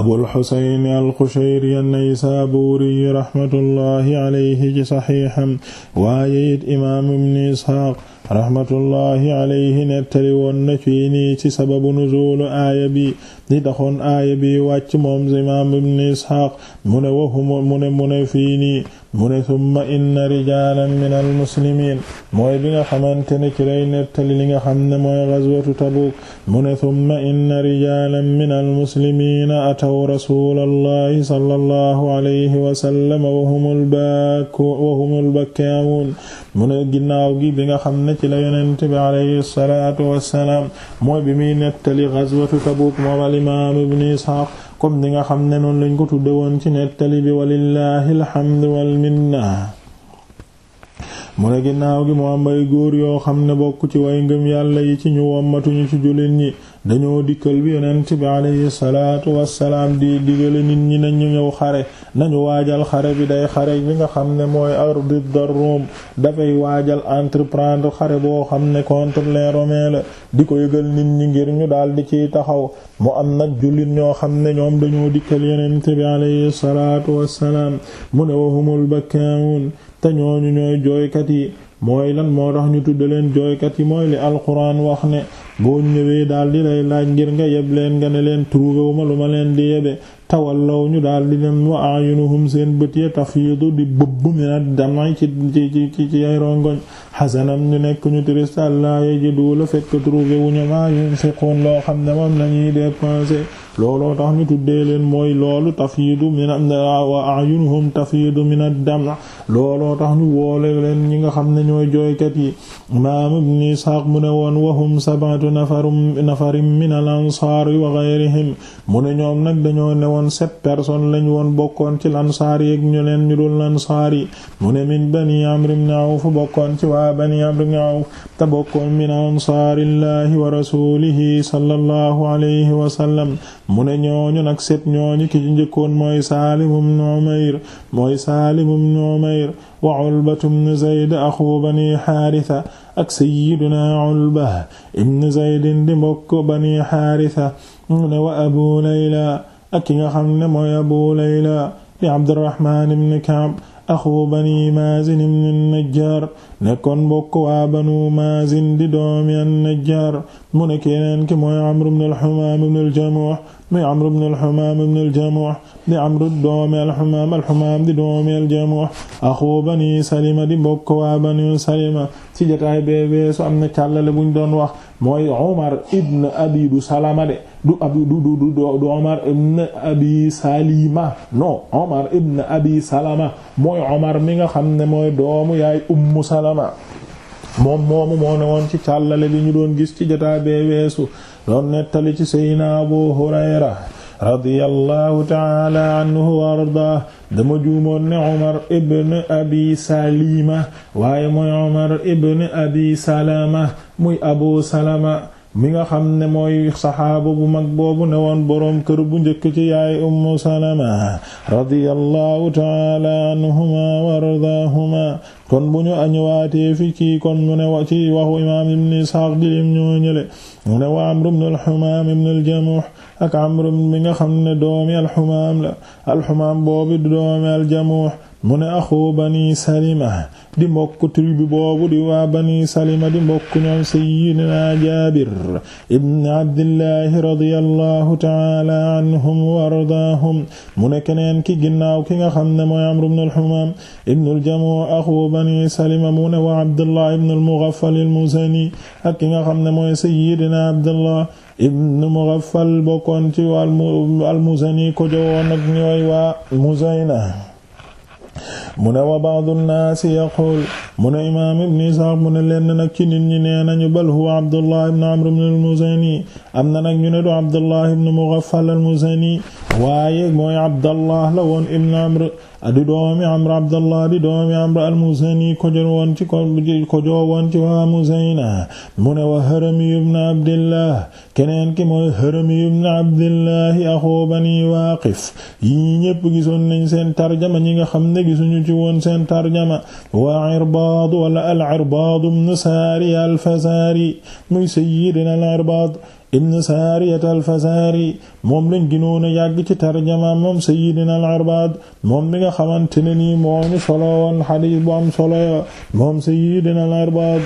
abulxusayn alxushayri an-naysaabuuri rahmatullahi alayhi ci saxiixam waaye it imaam ibn isxaaq raxmatullahi alayhi nettali woon na fii nii ci sababu nuzuulu aaya bi li taxoon aaya bi wàcc moom imaam ibn Isxaaq mu ne waxu mu ne mu ne fii nii mu ne summa inna rijaalan min almuslimiin mooy bi nga xamante ne ci lay nettali li nga xam ne mooy gazwatu Tabuuk mu ne summa inna rijaalan min almuslimiina ataw rasuulallahi sallallahu alayhi wa sallam wa humul bakku wa humul bakkaawuun mu ne ginnaaw gi bi nga xam ne ci la yonent bi alayhi salaatu wassalaam mooy bi muy nettali gazwatu Tabuuk moom al imaam ibn Isxaaq comme ni nga xam ne noonu lañ ko tudde woon ci nettali bi walillahi alhamdu wal minna mu ne ginnaaw gi mu am ay góor yoo xam ne bokk ci way ngëm yàlla yi ci ñu wommatuñu ci jullit ñi dañoo dikkal bi yonent bi alayhi salaatu wassalaam di digale nit ñi nañu ñëw xare nañu waajal xare bi day xare bi nga xam ne mooy ardu darum dafay waajal entreprendre xare boo xam ne contre les romains la di ko yëgal nit ñi ngir ñu daal di ciy taxaw mu am nag jullit ñoo xam ne ñoom dañoo dikkal yonent bi alayhi salaatu wassalaam mu ne wahumul bakkaawun te ñoo ñu ñooy jooykat yi mooy lan moo tax ñu tudd leen jooykat yi mooy li alquran wax ne boo ñëwee daal di lay laaj ngir nga yeb leen nga ne leen trouvé ma lu ma leen di yebe tawallaw ñu daal di leen wa ayunuhum seen bët ya tafiidu di bëbb mi na damay ci ci ci ci ay rongoñ xasanam ñu nekk ñu triste allah ya ji duula fekk trouvé wu ñu maa yunfiqoon loo xam ne moom lañuy dépenser looloo tax ñu tuddee leen mooy loolu tafiidu mi na wa ayunuhum tafiidu mi na dama looloo tax ñu woole leen ñi nga xam ne ñooy jooykat yi imaam ñi Isxaaq mu ne woon wahum sab'atu nafarum nafarin min al ansaar wa ghayrihim mu ne ñoom nag dañoo ne woon sept personnes lañu woon bokkoon ci lansaar yi ak ñu leen ñu dul lansaar yi mu ne min bani Amr ibn Awf bokkoon ci waa bani Amr ibn Awf te bokkoon min ansaarillahi wa rasulihi sallallahu alayhi wa sallam mu ne ñooñu nag sept ñooñu ki njëkkoon mooy Saalim ibn Umayr mooy Saalim ibn Zubayr wa Ulbatu ibn Zayd axu bani Haarisa ak sayyidunaa Ulba ibn Zayd di mbokk bani Haarisa ne wa Abu Layla ak ki nga xam ne mooy Abu Layla di Abdurrahmaan ibn Ka'b axu bani Maazin ibn Najjaar nekkoon mbokk waa banu Maazin di doomi an-Najjaar mu ne keneen ki mooy Amr ibn al-Humaam ibn al-Jamuh muy Amr ibn al-Humaam ibn al-Jamuh di Amr doomi al-Humaam al-Humaam di doomi al-Jamuh axu Bani Salima di mbokk waa Bani Salima ci jotaay bee weesu am na càllale buñ doon wax mooy Umar ibn Abi du Salama de du abi du du du du Omar ibn Abi Salima non Omar ibn Abi Salama mooy Omar mi nga xam ne mooy doomu yaay Ummu Salama moom moomu moo ne woon ci càllale li ñu doon gis ci jotaay bee weesu doon nettali ci Seydina Abu Hurayra radiyallahu taala anhu wa ardah dama juumoon abi Salima waaye mooy Umar ibn abi Salama muy Abu Salama mi nga xam ne mooy saxaabo bu mag boobu ne woon boroom kër bu njëkk ci yaay ummu salama radiyallahu taala anhuma wa ardaahuma kon bu ñu añëwaatee fi kii kon mu ne wa ci imaam ibn isxaaq di lim ñoo ñële mu ne wa amru ibn al-xumaam ibn al-jamuux ak amru mi nga xam ne doomi al-xumaam la al doomi al-jamuux mu ne axu bani salima di mbokk tribu boobu di waa bani salima di mbokk ñoom sayyidina jaabir ibn abdillahi radiyallahu taala anhum wa ardaahum mu ne keneen ki ginnaaw ki nga xam ne mooy amru ibn al-humaam ibn al-jamuh axu bani salima mu wa abdullah ibn al-mughaffal al-muzani ak ki nga xam ne mooy sayyidina abdullah ibn mughaffal bokkoon ci waa al-muzani ko jowoon ak ñooy waa mu ne wa ba'du nnaasi yaquul mu ne imaam ibn Isxaaq mu ne lenn nag ci nit ñi nee nañu bal huwa Abdullah ibn Amr ibn al am na nag ñu ne du Abdullah ibn Mughaffal al-Muzani waaye mooy abdallah la woon ibn amr adi doomi amr abdallah di doomi amr al ko jor woon ci ko joo woon ci waa muzayna mu wa harami ibn abdillah keneen ki mooy harami ibn abdillah axu bani waaqif yi ñépp gisoon nañ seen tarjama ñi nga xam ne gisuñu ci woon seen tarjama wa irbaad wala al-irbaad ibn saari al-fazaari muy ibn saariyat alfasaari moom lañ gënoon a yàgg ci tarjama moom sayyidina al-Irbaad moom mi nga xamante ne nii moo ñu solo woon xadiis bu am solo ya moom sayyidina al-Irbaad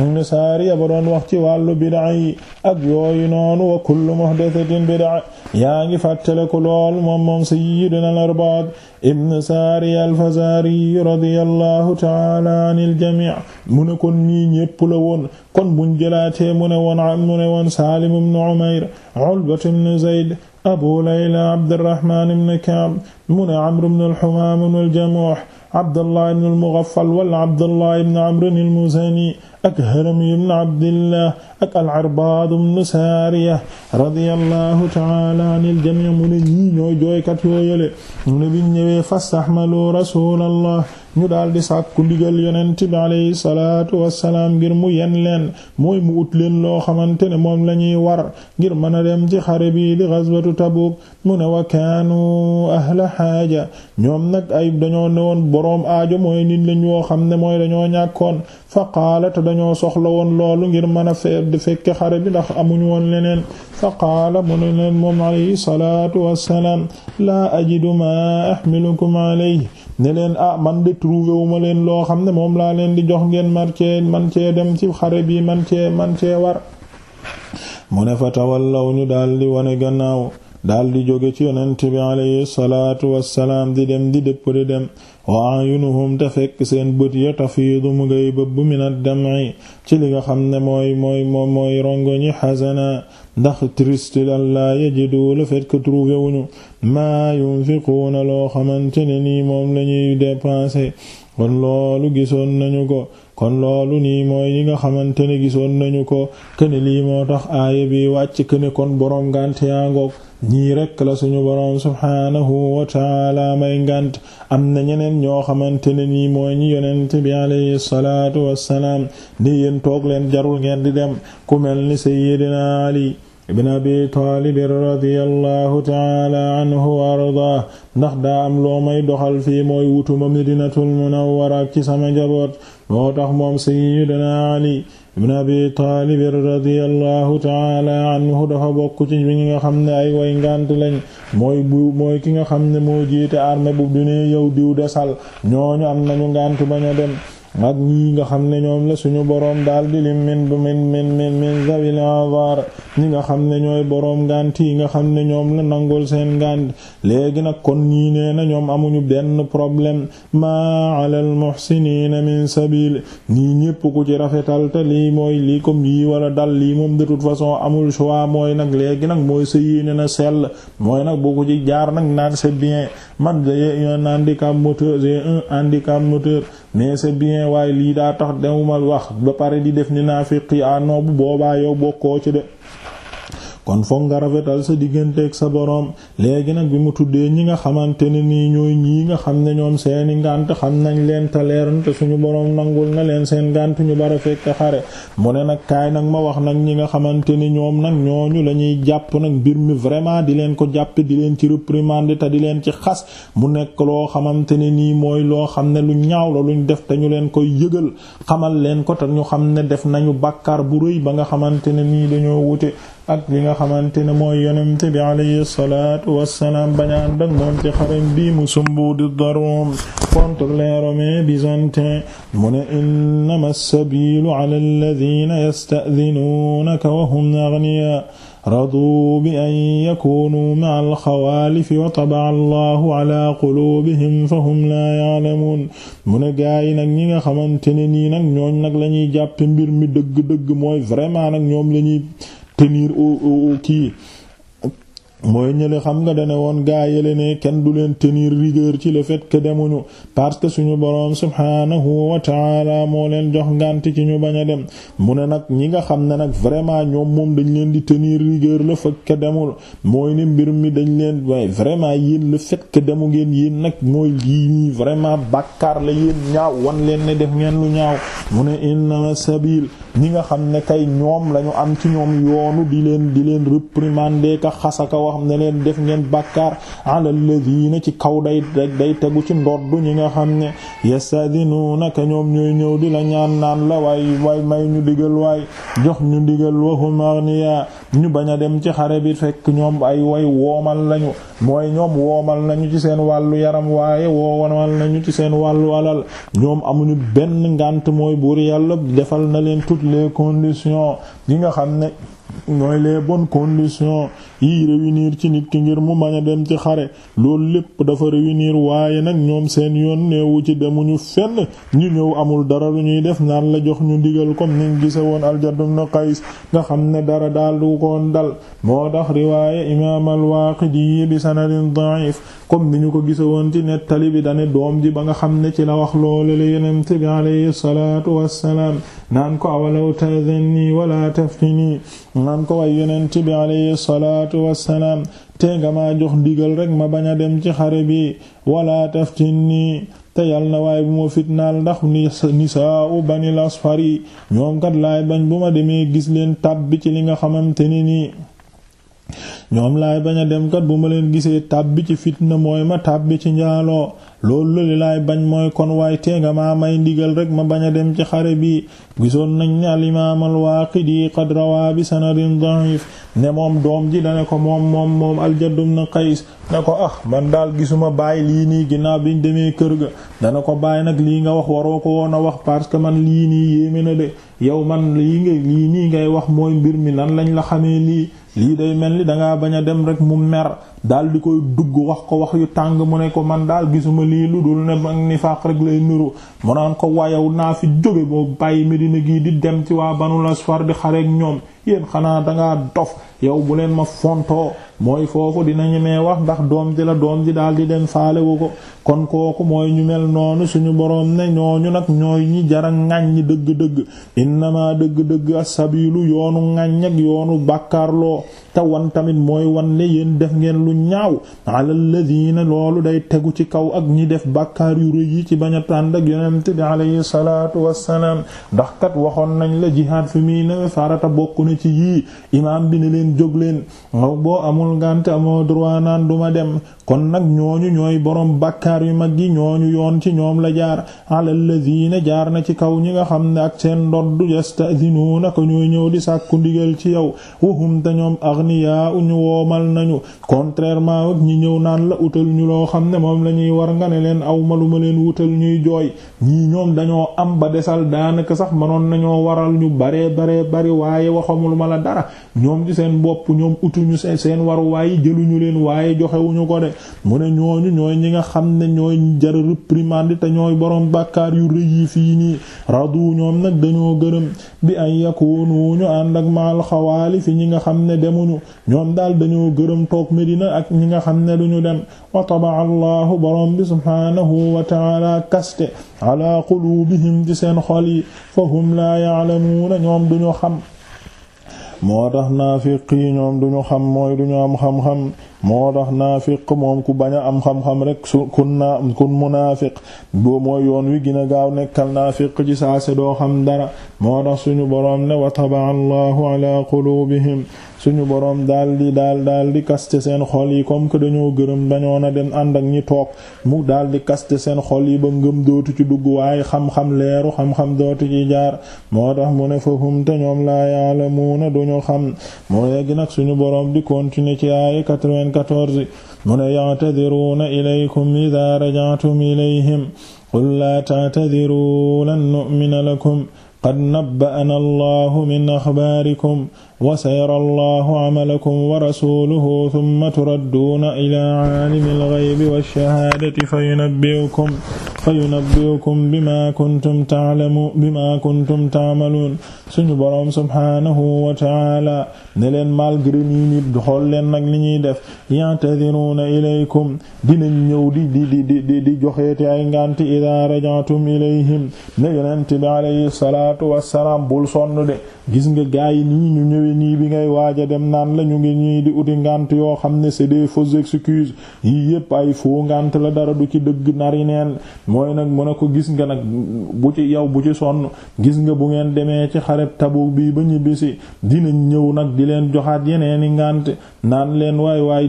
ibn saariya ba doon wax ci wàllu bidaa yi ak yooyu noonu wa kullu muhdathatin bidaa yaa ngi fàttale ko lool moom moom sayyidina al-Irbaad ibn saariya alfasaari radiyallahu ta'ala anil jamii' mu ne kon ñii ñépp la woon kon buñ jëlaatee mu ne woon mu ne woon Saalim ibn Umayr Ulbatu ibn Zayd Abu Layla Abdurrahmaan ibn Ka'b mu ne Amr ibn al-Humaam ibn al-Jamuh Abdullah ibn al-Mughaffal wala Abdullah ibn Amr al-Muzani ak Haram ibn Abdillah ak al-Arbaad ibn Saariya radiyallahu ta'ala anil jamii' mu ne ñii ñooy jooykat yooyale mu ne bi ñëwee fastahmalu Rasuulallah ñu daal di sàkku ndigal yonent bi alayhi salaatu wassalaam ngir mu yen leen mooy mu ut leen loo xamante ne moom la ñuy war ngir mën a dem ci xare bi di ghazwatu Tabuk mu ne wa kaanu xaaja ñoom nag ay dañoo newoon boroom aajo mooy nit lañ woo xam ne mooy dañoo ñàkkoon fa qaala te dañoo soxla woon loolu ngir mën a fee fekke xare bi ndax amuñu woon leneen fa qaala mu ne leen moom alayhi salaatu wassalaam laa ajidu maa ahmilukum alayhi ne leen ah man de trouvé leen loo xam ne moom laa leen di jox ngeen man man cee dem ci xare bi man cee man cee war mu ne fa tawallaw ñu daal di wane gannaaw dal di jóge ci yonent bi alayhi salaatu wassalaam di dem di dëpp di dem wa ayunuhum te fekk seen bët ya tafiidu mu ngay bëbb min ad ci li nga xam ne mooy mooy rongoñi xasana ndax triste lan laa yajidu le fait que trouvé wuñu maa yunfiquuna loo xamante ne nii moom lañuy dépenser kon loolu gisoon nañu ko kon loolu nii mooy yi nga xamante ne gisoon nañu ko kene lii moo tax aaya bi wàcc kene kon borom ngànte yaa ngoog ñii rekk la suñu boroom subhaanahu wa taala may ngànt am na ñeneen ñoo xamante ne nii mooy ñi yonent bi alayhi salaatu wassalaam ni yéen toog leen jarul ngeen di dem ku mel ni sayyidina ibn abi taalib radiyallahu taala anhu ndax daa am loo may doxal fii mooy wutuma madinatul munawwara ak ci sama njaboot moo tax moom sayyidina ali ibn abi taalib radiyallahu taala anhu dafa bokk ci ñi nga xam ne ay way ngant lañ mooy ki nga xam ne moo jiite armée bu du ne yow diw desal ñooñu am nañu ngant bañ dem ak nga xam ne ñoom la suñu boroom daal di lim min min min min min zawil avar ñi nga xam ne ñooy boroom ngànt yi nga xam ne ñoom la nangul seen ngànt léegi nag kon ñii nee na ñoom amuñu benn problème ma ala al muhsiniina min sabil ñii ñépp ku ci rafetal te lii mooy lii comme yii wala dal lii moom de toute façon amul choix mooy nag léegi nag mooy sa yéene na sell mooy nag boo ko ci jaar nag naan c'est bien man j'ai un handicap moteur j'ai un handicap moteur mais c'est bien waaye lii daa tax dewumal wax ba pare di def ni naafiqi ànoo bu boobaa yow bokkoo ci de kon foog nga rafetal sa diggante ak sa boroom léegi nag bi mu tuddee ñi nga xamante ne nii ñooy ñii nga xam ne ñoom seeni ngànt xam nañ leen te leerante suñu boroom nangul na leen seen ngànt ñu bara fekk xare mu ne nag kaay nag ma wax nag ñi nga xamante ni ñoom nag ñooñu la ñuy jàpp nag mbir mi vraiment di leen ko jàppe di leen ci réprimander te di leen ci xas mu nekk loo xamante ne nii mooy loo xam ne lu ñaaw la luñ def te ñu leen koy yëgal xamal leen ko te xam ne def nañu bàkkaar bu rëy ba nga xamante ne nii dañoo wute ak li nga xamante ne mooy yonent bi alayhi salaatu wassalaam bañ a ànd ak moom ci xaram bi mu sumbu di darum contre les Romains byzantins mu ne innama sabilu ala alladhina yasta'dhinunaka wa hum aghniya raduu bi an yakunuu ma'a alxawaalifi wa taba'a allahu ala quluubihim fahum laa ya'lamuun mu ne gaa yi nag ñi nga xamante ne nii nag ñooñ nag la ñuy jàppe mbir mi dëgg-dëgg mooy vraiment nag ñoom la ñuy tenir au au kii mooy ñële xam nga dane woon gaa yële ne kenn du leen tenir rigueur ci le fait que demuñu parce que suñu boroom subhaanahu wa taala moo leen jox ngànti ci ñu bañ dem mu ne nag ñi nga xam ne nag vraiment ñoom moom dañ leen di tenir rigueur le fait demul mooy ne mbir mi dañ leen waaye vraiment yéen le fait demu ngeen yéen nag mooy lii ñii vraiment bàkkaar la yéen ñaaw wan leen ne def ngeen lu ñaaw mu ne innama sabil ñi nga xam ne kay ñoom lañu am ci ñoom yoonu di leen di leen réprimander ka xasaka boo xam ne leen def ngeen bàkkaar ala alladhina ci kaw day day tegu ci ndodd ñi nga xam ne yastadinunaka ñoom ñooy ñëw di la ñaan naan la waay waay may ñu digal waay jox ñu digal wahum aghniya ñu bañ a dem ci xare bi fekk ñoom ay way woomal lañu mooy ñoom woomal nañu ci seen wàllu yaram waaye woomal nañu ci seen wàllu alal ñoom amuñu benn ngant mooy buur yàlla defal na leen toutes les conditions yi nga xam ne mooy les bonnes conditions yi réunir ci nit ki ngir mu mañ a dem ci xare loolu lépp dafa réunir waaye nag ñoom seen yoon neewu ci demuñu fenn ñu ñëw amul dara lu ñuy def naan la jox ñu digal comme niñ gise woon Al-Jadd ibn Qays xam ne dara daal du koon dal moo tax riwaaya imaam al-Waaqidi bi sanadin da'if comme ni ñu ko gise woon ci nettali bi dane doom ji ba nga xam ne ci la wax loolu la Yonent bi alayhi salaatu wassalaam naan ko awalaw ta'dhanni wala taftini naan ko way Yonent bi alayhi salaatu salaatu wassalaam te nga ma jox digal rekk ma bañ a dem ci xare bi wala taftinni te yal na waaye bu ma fitnaal ndax nisaa u banil asfari ñoom kat bañ bu ma demee gis leen tàbbi ci li nga xamante ni nii ñoom lay bañ a dem bu ma leen gisee tàbbi ci fitna mooy ma tàbbi ci njaaloo loolu lali laay bañ mooy kon waaye tee nga maa may ndigal rek ma bañ a dem ci xare bi gisoon nañ ne al imaam al waaqidi qad rawaa bi sanadin da'if ne moom doom ji dane ko moom moom moom aljaddum na qays ne ko ah man daal gisuma bàyyi lii nii ginnaaw biñ demee kër ga dana ko bàyyi nag lii nga wax waroo ko woon a wax parce que man lii nii yéeme na de yow man lii nga lii nii ngay wax mooy mbir mi nan lañ la xamee lii lii day mel ni dangaa bañ a dem rek mu mer daal di koy dugg wax ko wax yu tàng mu ne ko man daal gisuma lii lu dul ne ni nifaaq rek lay niru mu naan ko wayaw naa fi jóge boo bàyyi Medina gii di dem ci waa Banul Asfar di xareek ñoom yéen xanaa danga dof yow bu leen ma fontoo mooy foofu dina ñemee wax ndax doom ji la doom ji daal di dem faale wu ko kon kooku mooy ñu mel noonu suñu boroom ne ñooñu nag ñooy ñi jara ŋàññ dëgg-dëgg innama dëgg-dëgg asabilu yoonu ŋàññ ak yoonu bàkkaarloo te wan tamit mooy wan ne yéen def ngeen lu ñaaw ala alladina loolu day tegu ci kaw ak ñi def bàkkaar yu rëy yi ci bañ a tànd ak yonent bi alayhi salaatu wassalaam ndax kat waxoon nañ la jihaad fi muy ne farata bokk na ci yii imaam bi ne leen jóg leen ngaw boo amul ngante amoo droit naan duma dem kon nag ñooñu ñooy borom bàkkaar yu mag yi ñooñu yoon ci ñoom la jaar ala alladina jaar na ci kaw ñi nga xam ne ak seen ndodd yasta'dinuna ko ñooy ñëw di sàkku ci yow aghniya ñu woomal nañu contrairement ak ñi ñëw naan la utal ñu loo xam ne moom la ñuy war nga ne leen aw ma lu ma leen wutal ñuy jooy ñii ñoom dañoo am ba desal daanaka sax mënoon nañoo waral ñu baree baree bari waaye waxamul ma la ñoom seen bopp ñoom utuñu seen seen waruwaay yi leen waaye joxewuñu ko de mu ne ñooy ñi nga xam ne ñooy jar réprimande te ñooy borom bàkkaar yu rëy yi fii nii radu ñoom nag dañoo gërëm bi ay yakunu ñu ànd ak maal xawaali fi ñi nga xam ne demuñu gëmuñu ñoom daal dañoo gërëm toog Medina ak ñi nga xam ne duñu dem wa tabaa allahu borom bi subhaanahu wa taala kaste ala quluubihim ci seen xol yi fa hum laa ya'lamuuna ñoom duñu xam moo tax naafiq xam mooy duñu am xam-xam moo tax naafiq moom ku bañ am xam-xam rek su kun naa kun munaafiq boo mooy yoon wi gën gaaw nekkal naafiq ci saase doo xam dara moo tax suñu boroom ne wa tabaa allahu ala quluubihim suñu boroom daal di daal daal di kaste seen xol yi comme que dañoo gërëm dañoo na den ànd ak ñi toog mu daal di kaste seen xol yi ba ngëm dootu ci dugg waaye xam-xam leeru xam-xam dootu ci jaar moo tax mu ne fa hum te ñoom laa ya'lamuuna duñu xam mu léegi nag suñu boroom di continuer ci aaya 94 mu ne ya'tadiruuna ilaykum idaa raja'tum ilayhim qul laa ta'tadiruu lan nu'mina lakum qad nabba'ana allahu min axbaarikum wa sayara allahu camalakum wa rasuluhu tumma turadduuna ilaa caalimi algaybi walshahaadati fa yunabbiukum fa yunabbiukum bimaa kuntum taalamu bimaa kuntum taamaluun suñu boroom subhaanahu wa taala ne leen malgré nii nit xool leen nag li ñuy def ya'tadiruuna ilaykum dinañ ñëw di di di di di joxeete ay nganti idaa rajatum ilayhim ne yonent bi alayhi salaatu wassalaam bul sonn de gis nga gaay nii ñu ñëw ñëwee nii bi ngay waaja dem naan la ñu ngi ñii di uti ngant yoo xam ne c'est des fausses excuses yii yépp ay faux ngànt la dara du ci dëgg nari neen mooy nag mën a ko gis nga nag bu ci yow bu ci sonn gis nga bu ngeen demee ci xareb tabu bii ba ñibbisi dina ñëw nag di leen joxaat yeneeni ngànt naan leen waay waay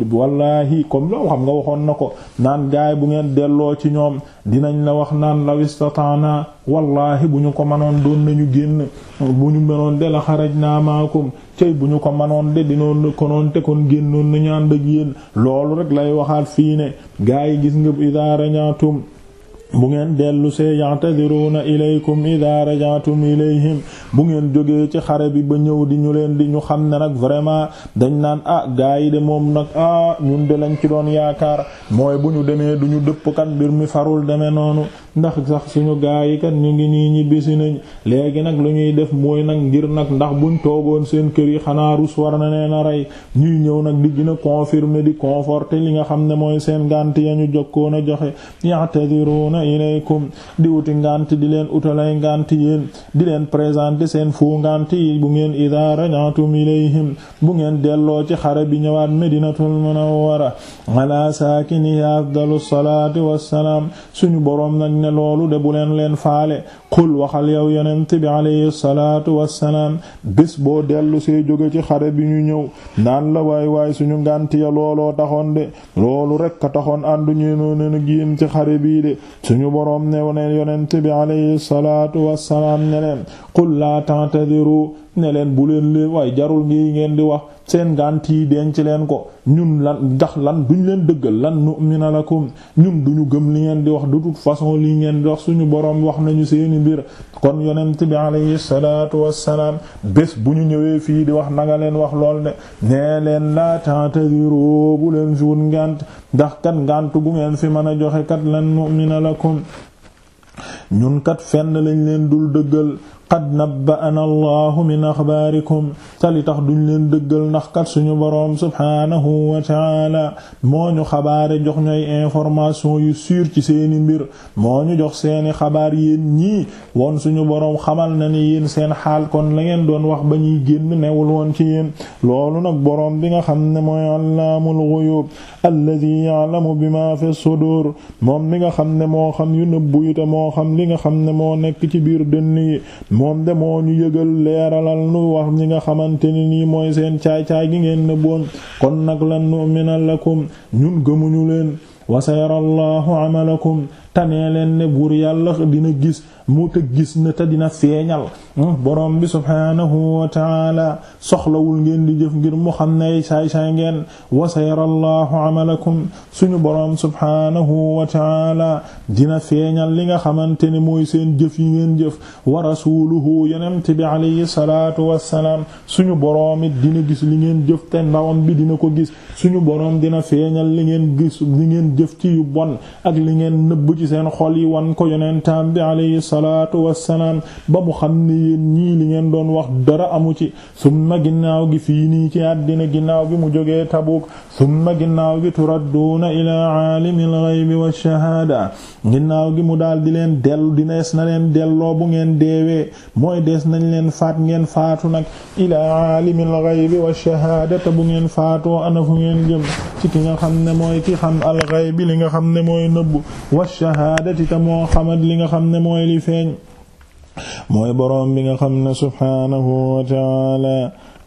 di wallaahi comme loo xam nga waxoon na ko naan gaay bu ngeen delloo ci ñoom dinañ la wax naan lawistataana wallaahi bu ñu ko manoon doon nañu génn bu ñu mënoon de la xaraj naa maakum cey bu ñu ko manoon de dinoon konoon te kon génnoon nañu ñaan ak yéen loolu rek lay waxaat fii ne gaay gis nga daa rañaatum bu ngeen dellu see ya'tadiruuna ilaykum idaa raja'tum ilayhim bu ngeen jógee ci xare bi ba ñëw di ñu leen di ñu xam ne nag vraiment dañ naan ah gaa yi de moom nag ah ñun de lañ ci doon yaakaar mooy bu ñu demee du ñu dëpp mbir mi farul demee noonu ndax sax suñu gaa yi kat ñu ngi nii ñibbisi nañ léegi nag lu ñuy def mooy nag ngir nag ndax buñ toogoon seen kër yi xanaa rus war na nee na rey ñuy ñëw nag di gën a confirmer di conforter li nga xam ne mooy seen ngànt ya ñu jokkoon a joxe ya'tadiruna ilaykum di wuti ngànt di leen utalay ngànt yéen di leen présenter seen fuu ngànt yi bu ngeen idha rajatum ilayhim bu ngeen delloo ci xare bi ñëwaat medinatul munawwara ala saakiniha afdalus salatu wassalaam suñu borom nag ne loolu de bu leen leen faale xul waxal yow yonent bi alayhi salaatu wassalaam bés boo dellu see jóge ci xare bi ñu ñëw naan la waay waay suñu ngànt ya looloo taxoon de loolu rekk a taxoon ànduñu noonu nag yéen ci xare bi de suñu boroom ne wone yonent bi alayhi salaatu wassalaam ne leen qul laa ta'tadiru ne leen bu leen leen waaye jarul ngi ngeen di wax seen ngànt yi denc leen ko ñun lan ndax lan duñ leen dëggal lan la kom ñun duñu gëm li ngeen di wax de toute façon li ngeen di wax suñu boroom wax nañu seeni mbir kon yonent bi alayhi salaatu wassalaam bés bu ñu ñëwee fii di wax nanga leen wax lool de nee leen laa ta'tadiru bu leen fi wut ndax kat ngànt gu ngeen fi mën a joxe kat lan la kom ñun kat fenn lañ leen dul dëggal qad nabba'ana allahu min axbaarikum te li tax duñ leen dëggal ndax kat suñu boroom subhaanahu wa taala moo ñu xabaare jox ñoy information yu sûr ci seeni mbir moo ñu jox seeni xabaar yéen ñii woon suñu boroom xamal na ni yéen seen xaal kon la ngeen doon wax ba ñuy génn newul woon ci yéen loolu nag boroom bi nga xam ne mooy allaamul ghuyub alladhi ya'lamu xam ne moo nekk ci biir dënn yi moom de moo ñu yëgal leeralal nu wax ñi nga xamante ni nii mooy seen caay-caay gi ngeen nëbboon kon nag lan nu'mina lakum ñun gëmuñu leen wa sayara allahu amalakum te nee leen ne buur yàlla dina gis mu te gis na te dina feeñal hmm, borom bi subhaanahu wa taala soxlawul ngeen di jëf ngir mu xam ne ay saay-saay ngeen wa sayara allahu amalakum suñu borom subhaanahu wa taala dina feeñal li nga xamante ne mooy seen jëf yi ngeen jëf wa rasuluhu yonent bi alayhi salaatu wassalaam suñu borom dina gis li ngeen jëf te ndawam bi dina ko gis suñu borom dina feeñal li ngeen gis li ngeen jëf ci yu bon ak li ngeen nëbb ci seen xol yi wan ko yonentam bi alayhi salaatu wassalaam ba mu xam ne yéen ñii li ngeen doon wax dara amu ci summa ginnaaw gi fii nii ci àddina ginnaaw bi mu jógee Tabuk summa ginnaaw gi turadduuna ilaa aalimil ghaybi wash-shahaada ginnaaw gi mu daal di leen dellu dinees na leen delloo bu ngeen deewee mooy dees nañ leen faat ngeen faatu nag ilaa aalimil ghaybi wash-shahaada bu ngeen faatoo ana fu ngeen jëm ci ki nga xam ne mooy ki xam al-ghayb al-ghayb li nga xam ne mooy nëbbu wa shahaadati moo xamat li nga xam ne mooy li mooy boroom bi nga xam ne subhaanahu wa ta'aala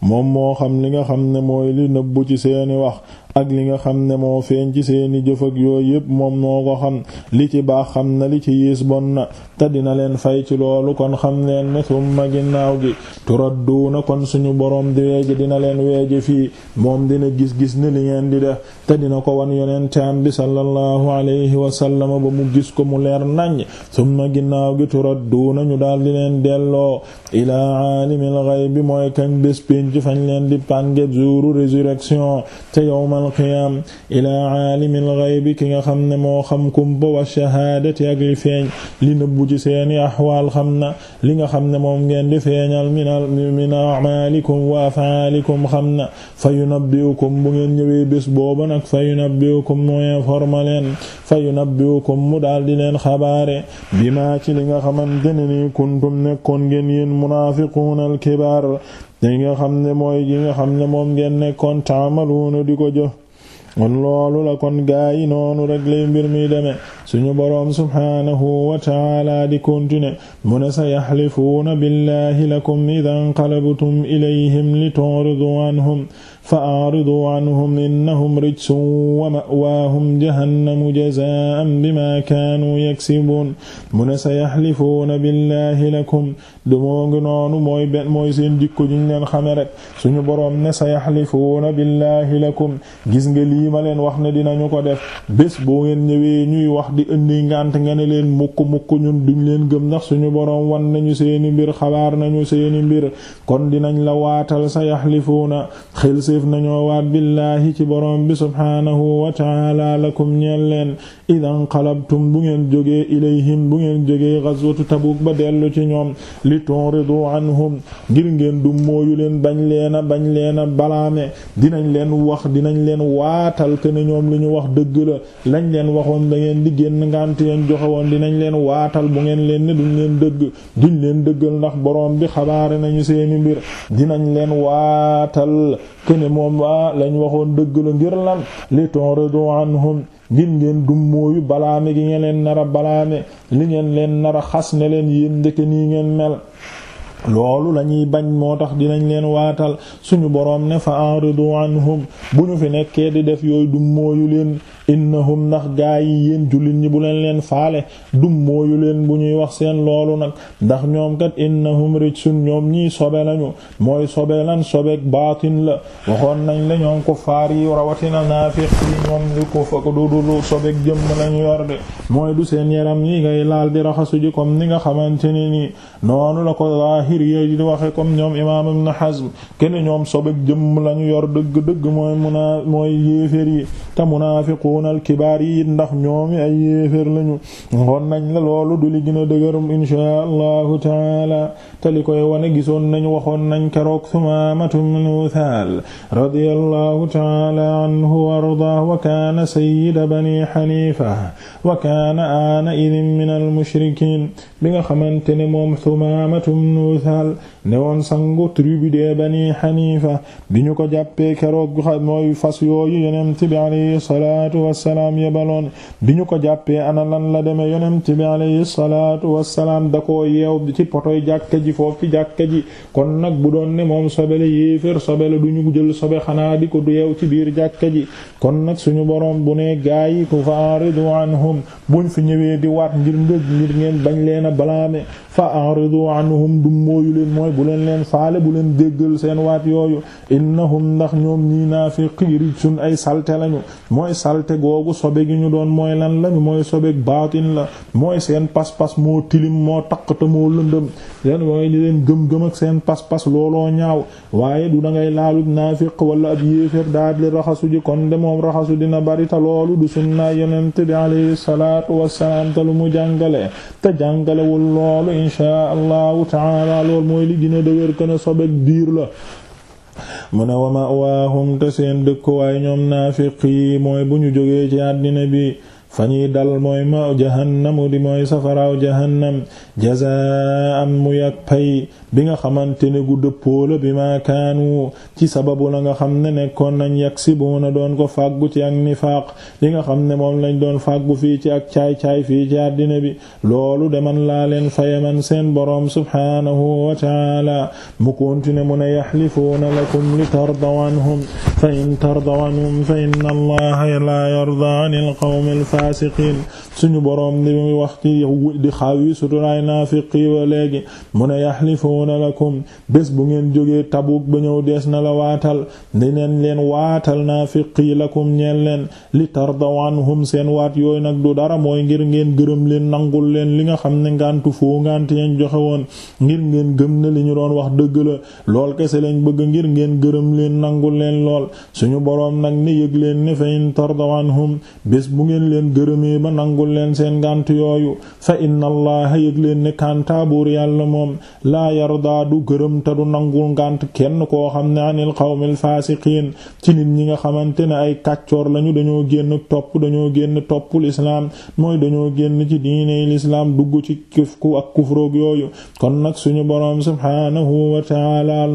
moom moo xam li nga xam ne mooy li nëbbu ci seeni wax ak li nga xam ne moo feeñ ci seeni jëf yooyu yëpp moom moo ko xam li ci baax xam na li ci yiis bon na te dina leen fay ci loolu kon xam leen ne summa ginnaaw gi turadduuna kon suñu boroom di weeje dina leen weeje fii moom dina gis-gis ni li ngeen di def te dina ko wan yonentaan bi sallallahu alayhi wasallam ba mu gis ko mu leer nañ summa ginnaaw gi turadduuna ñu daal di leen delloo ilaa aalimil ghaybi mooy kañ bés pénc fañ leen di pànge jouru yawmal qiyaam ilaa aalimil ghaybi ki nga xam ne moo xam kumpa wa shahaadati ak li feeñ li nëbbu ci seeni ahwaal xam na li nga xam ne moom ngeen di feeñal min a'maalikum wa af'aalikum xam na fa yunabbi'ukum bu ngeen ñëwee bés booba nag fa yunabbi'ukum mu informer leen fa yunabbi'ukum mu daal di leen xabaare bimaa ci li nga xamante ne nii kuntum nekkoon ngeen yéen munaafiquuna al-kibaar yi nga xam ne mooy yi nga xam ne moom ngeen nekkoon taamaluuna di ko jox kon loolu la kon gaa yi noonu rek lay mbir mi demee suñu boroom subhaanahu wa taala di continuer mu ne sa yaxlifuuna billahi lakum ida nqalabtum ilayhim li tu'ridu anhum fa a'ridu anhum innahum rijsun wa ma'waahum jahannamu jazaa'an bimaa kaanuu yaksibuun mu ne sa lakum du moo ngi noonu mooy benn mooy seen jikko ji ñu leen xame rek suñu boroom ne sa wax ne dinañu ko wax di indi ngànt nga ne leen mukk mukk ñun duñ leen gëm ndax suñu boroom wan nañu seeni mbir xabaar nañu seeni mbir kon dinañ la waatal sa yaxlifuuna xelséef nañoo waat billaahi ci boroom bi subhaanahu wa ta'ala lakum ñeel leen idan qalabtum bu ngeen jógee ilayhim bu ngeen jógee ghazwatu Tabuk ba dellu ci ñoom li turidu anhum ngir ngeen du mooyu leen bañ leena bañ leena balaame dinañ leen wax dinañ leen waatal ke ne ñoom li ñu wax dëgg la lañ leen yenn yeen joxe woon dinañ leen waatal bu ngeen leen ne duñ leen dëgg duñ leen dëggal ndax borom bi xabaare nañu seeni mbir dinañ leen waatal kene moom waa lañ waxoon dëgg la ngir lan li tonredo ngeen dum mooyu balaame gi ngeen leen nar a balaame li ngeen leen nar a xas ne leen yéen ndeke nii ngeen mel loolu lañuy bañ moo tax dinañ leen waatal suñu boroom ne fa aridu anhum bu ñu fi nekkee di def yooyu dum leen innahum ndax gaa yi yéen jullit ñi bu leen leen faale dum mooyu leen bu ñuy wax seen loolu nag ndax ñoom kat innahum rijsun ñoom ñii sobe lañu mooy sobe lan sobeek baatin la nañ la ñoom kuffaar yi rawatina naafiq yi ñoom du ko fa du du sobeek jëmm lañu yor de mooy du seen yaram yi ngay laal di raxasu ji comme ni nga xamante ne nii noonu la ko zaahir yi di waxe comme ñoom imaam na Hazm kenn ñoom sobeek jëmm lañu yor dëgg dëgg mooy munaa mooy yéeféer yi te munaafiqu yasma'una al-kibaar yi it ndax ñoomi ay yéeféer lañu ngoon la loolu du li gën a dëgërum inshaa allahu taala te li koy wane gisoon nañ waxoon nañ keroog Sumaamatu ibnu Usaal radiyallahu taala anhu wa ardaahu wa kaana sayyida bani Haniifa wa kaana aana idin min al-mushrikiin bi ne moom Sumaamatu ibnu Usaal ne woon sangu tribu de bani Haniifa bi ñu ko jàppee keroog mooy fas yooyu Yonent bi alayhi salaatu wasalaam yebaloon bi ñu ko jàppee ana lan la demee yonent bi alayhi salaatu wasalaam da koo yeew ci potoy jàkka ji foofu ci jàkka ji kon nag bu doon ne moom sobele yéefér sobele du ñu jël sobe xanaa di ko du yeew ci biir jàkka ji kon nag suñu boroom bu ne gaa yi ku fa'ridu anhum buñ fi ñëwee di waat ngir ndëj ngir ngeen bañ leen a balaame fa'ridu anhum du mooyu leen mooy bu leen leen faale bu leen déggal seen waat yooyu innahum ndax ñoom ñii naafiqi rijsun ay salte lañu sobe googu sobe gi ñu doon mooy lan la mooy sobeeg baatin la mooy seen pas-pas moo tilim moo taq te moo lëndëm seen mooy li leen gëm-gëm ak seen pas-pas looloo ñaaw waaye du dangay laalub naafiq wala ab yéeféer daal di raxasu ji kon de moom raxasu dina bari te loolu du sunna yonent bi alayhi salaatu wassalaam te lu mu jàngale te jàngalewul loolu inshaa allahu taala loolu mooy li gën a dëgër kën a sobeeg biir la mu ne wa ma'waahum te seen dëkkuwaay ñoom naafiq yi mooy bu ñu jógee ci àddina bi fa ñuy dal mooy ma jahannamu di mooy safaraaw jahannam jazaa'an mu yak pay bi nga xamante ne gu dëppoo bi ma kaanu ci sababu la nga xam ne nekkoon nañ yaksibuuna doon ko fàggu ci ak nifaaq li nga xam ne moom lañ doon fàggu fii ci ak caay-caay fii ci àddina bi loolu de man laa leen faye man seen boroom subhaanahu wa taala mu kontine mu ne yaxlifuuna lakum li tardaw anhum fa in tardaw anhum fa inna allaha laa yarda anil qawmil faasiqiin suñu boroom li muy wax ci di xaw yi suturaay naafiqi ba léegi mu ne la lakum bés bu ngeen jógee Tabuk ba ñëw dees na la waatal dineen leen waatal yi la lakum ñeen leen li tardaw anhum seen waat yooyu nag du dara mooy ngir ngeen gërëm leen nangul leen li nga xam ne ngantu foo ngant yañ joxe woon ngir ngeen gëm na li ñu doon wax dëgg la lool kese lañ bëgg ngir ngeen gërëm leen nangul leen lool suñu boroom nag ne yëg leen ne fa in tardaw anhum bés bu ngeen leen gërëmee ba nangul leen seen ngànt yooyu fa inna allaha yëg leen ne kàntaabuur yàlla moom laa yardaa du gërëm te du nangul ngànt kenn koo xam ne anil qawmil faasiqiin ci nit ñi nga xamante ne ay kàccoor lañu dañoo génn topp dañoo génn toppul islaam mooy dañoo génn ci diiney lislaam dugg ci kufku ak kufroog yooyu kon nag suñu boroom subhaanahu wa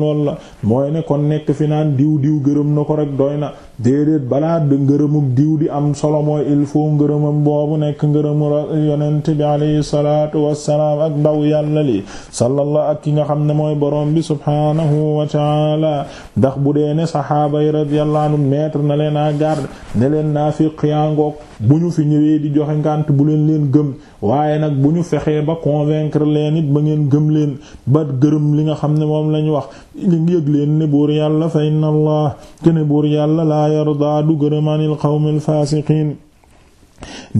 lool la mooy ne kon nekk fi naan diw diw gërëm na ko rek doy na déedéet balaa ngërëmug diw di am solo mooy il faut ngërëmam boobu nekk ngërëmu yonent bi alayhi salaatu wassalaam ak ndaw yàlla li sallallahu ak ki nga xam ne mooy borom bi subhaanahu wa taala ndax bu dee ne saxaaba yi radiyallahu anhum na leen à garde ne leen naafiq yaa ngoog bu ñu fi ñëwee di joxe ngànt bu leen leen gëm waaye nag bu ñu fexee ba convaincre leen it ba ngeen gëm leen ba gërëm li nga xam ne moom lañ wax yëg leen ne buur yàlla fa inna allah yarda du gërëm anil qawmil faasiqiin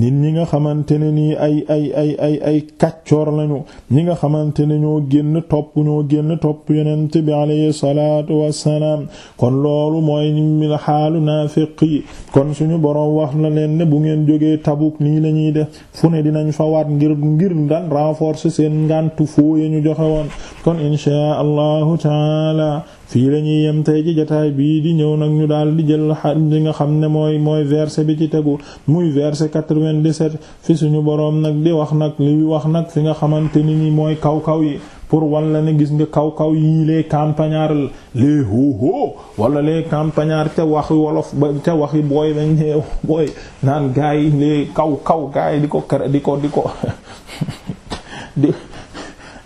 nit ñi nga xamante ne nii ay ay ay ay ay kàccoor lañu ñi nga xamante ne ñoo génn topp ñoo génn topp yonent bi alayhi salaatu wassalaam kon loolu mooy mil xaalu naafiq yi kon suñu borom wax na leen ne bu ngeen jógee Tabuk nii lañuy def fu dinañ fa waat ngir ngir daan renforcer seen ngàntu foo ñu joxe woon kon inshaa allahu taala fii la yem tey ci jotaay bii di ñëw nag ñu daal di jël li nga xam ne mooy mooy verset bi ci tegu muy verset 97 fi suñu boroom nag di wax nag li wax nag fi nga xamante ni ni mooy kaw-kaw yi pour wan la ne gis nga kaw-kaw yii les campagnards les hoho wala les campagnards ca wax wolof ba ca waxi booy dañ ne booy naan gars yi les kaw-kaw gars yi di ko kër di ko di ko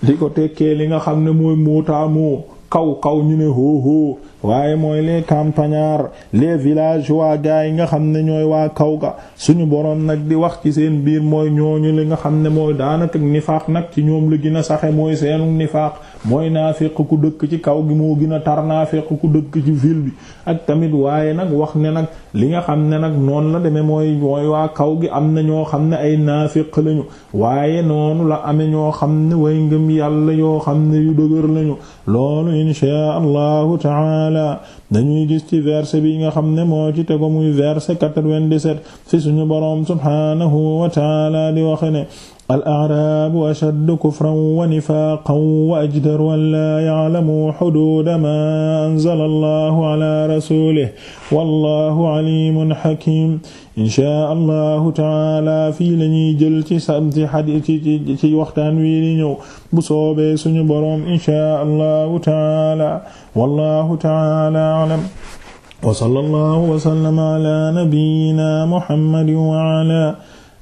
di ko tekkee li nga xam ne mooy mootaa moo kaw kaw ñu ne hóohóo waaye mooy les campagnards les village waa gaa yi nga xam ne ñooy waa kaw ga suñu boroom nag di wax ci seen biir mooy ñooñu li nga xam ne mooy daanaka nifaaq nag ci ñoom la gën a saxe mooy seenu nifaaq mooy naafeq ku dëkk ci kaw gi moo gën a tar naafeq ku dëkk ci ville bi ak tamit waaye nag wax ne nag li nga xam ne nag noonu la demee mooy mooy waa kaw gi am na ñoo xam ne ay naafeq lañu waaye noonu la amee ñoo xam ne way ngëm yàlla yoo xam ne yu dëgër lañu loolu inshaa allahu taala dañuy gis ci verset bi nga xam ne moo ci tego muy verset 97 fi suñu boroom subhaanahu wa taala di waxe al-a'raabu ashaddu kufran wa nifaaqan wa ajdaru an laa ya'lamu huduuda maa anzala Allahu alaa rasuulihi wallaahu aliimun hakiim inshaa Allahu ta'aala fii la ñuy jël ci samti hadiis ci ci waxtaan wi di ñëw bu soobee suñu boroom inshaa Allahu ta'aala wallaahu ta'aala a'lam wa sallallaahu wa sallama alaa nabiyyinaa Muhammadin wa alaa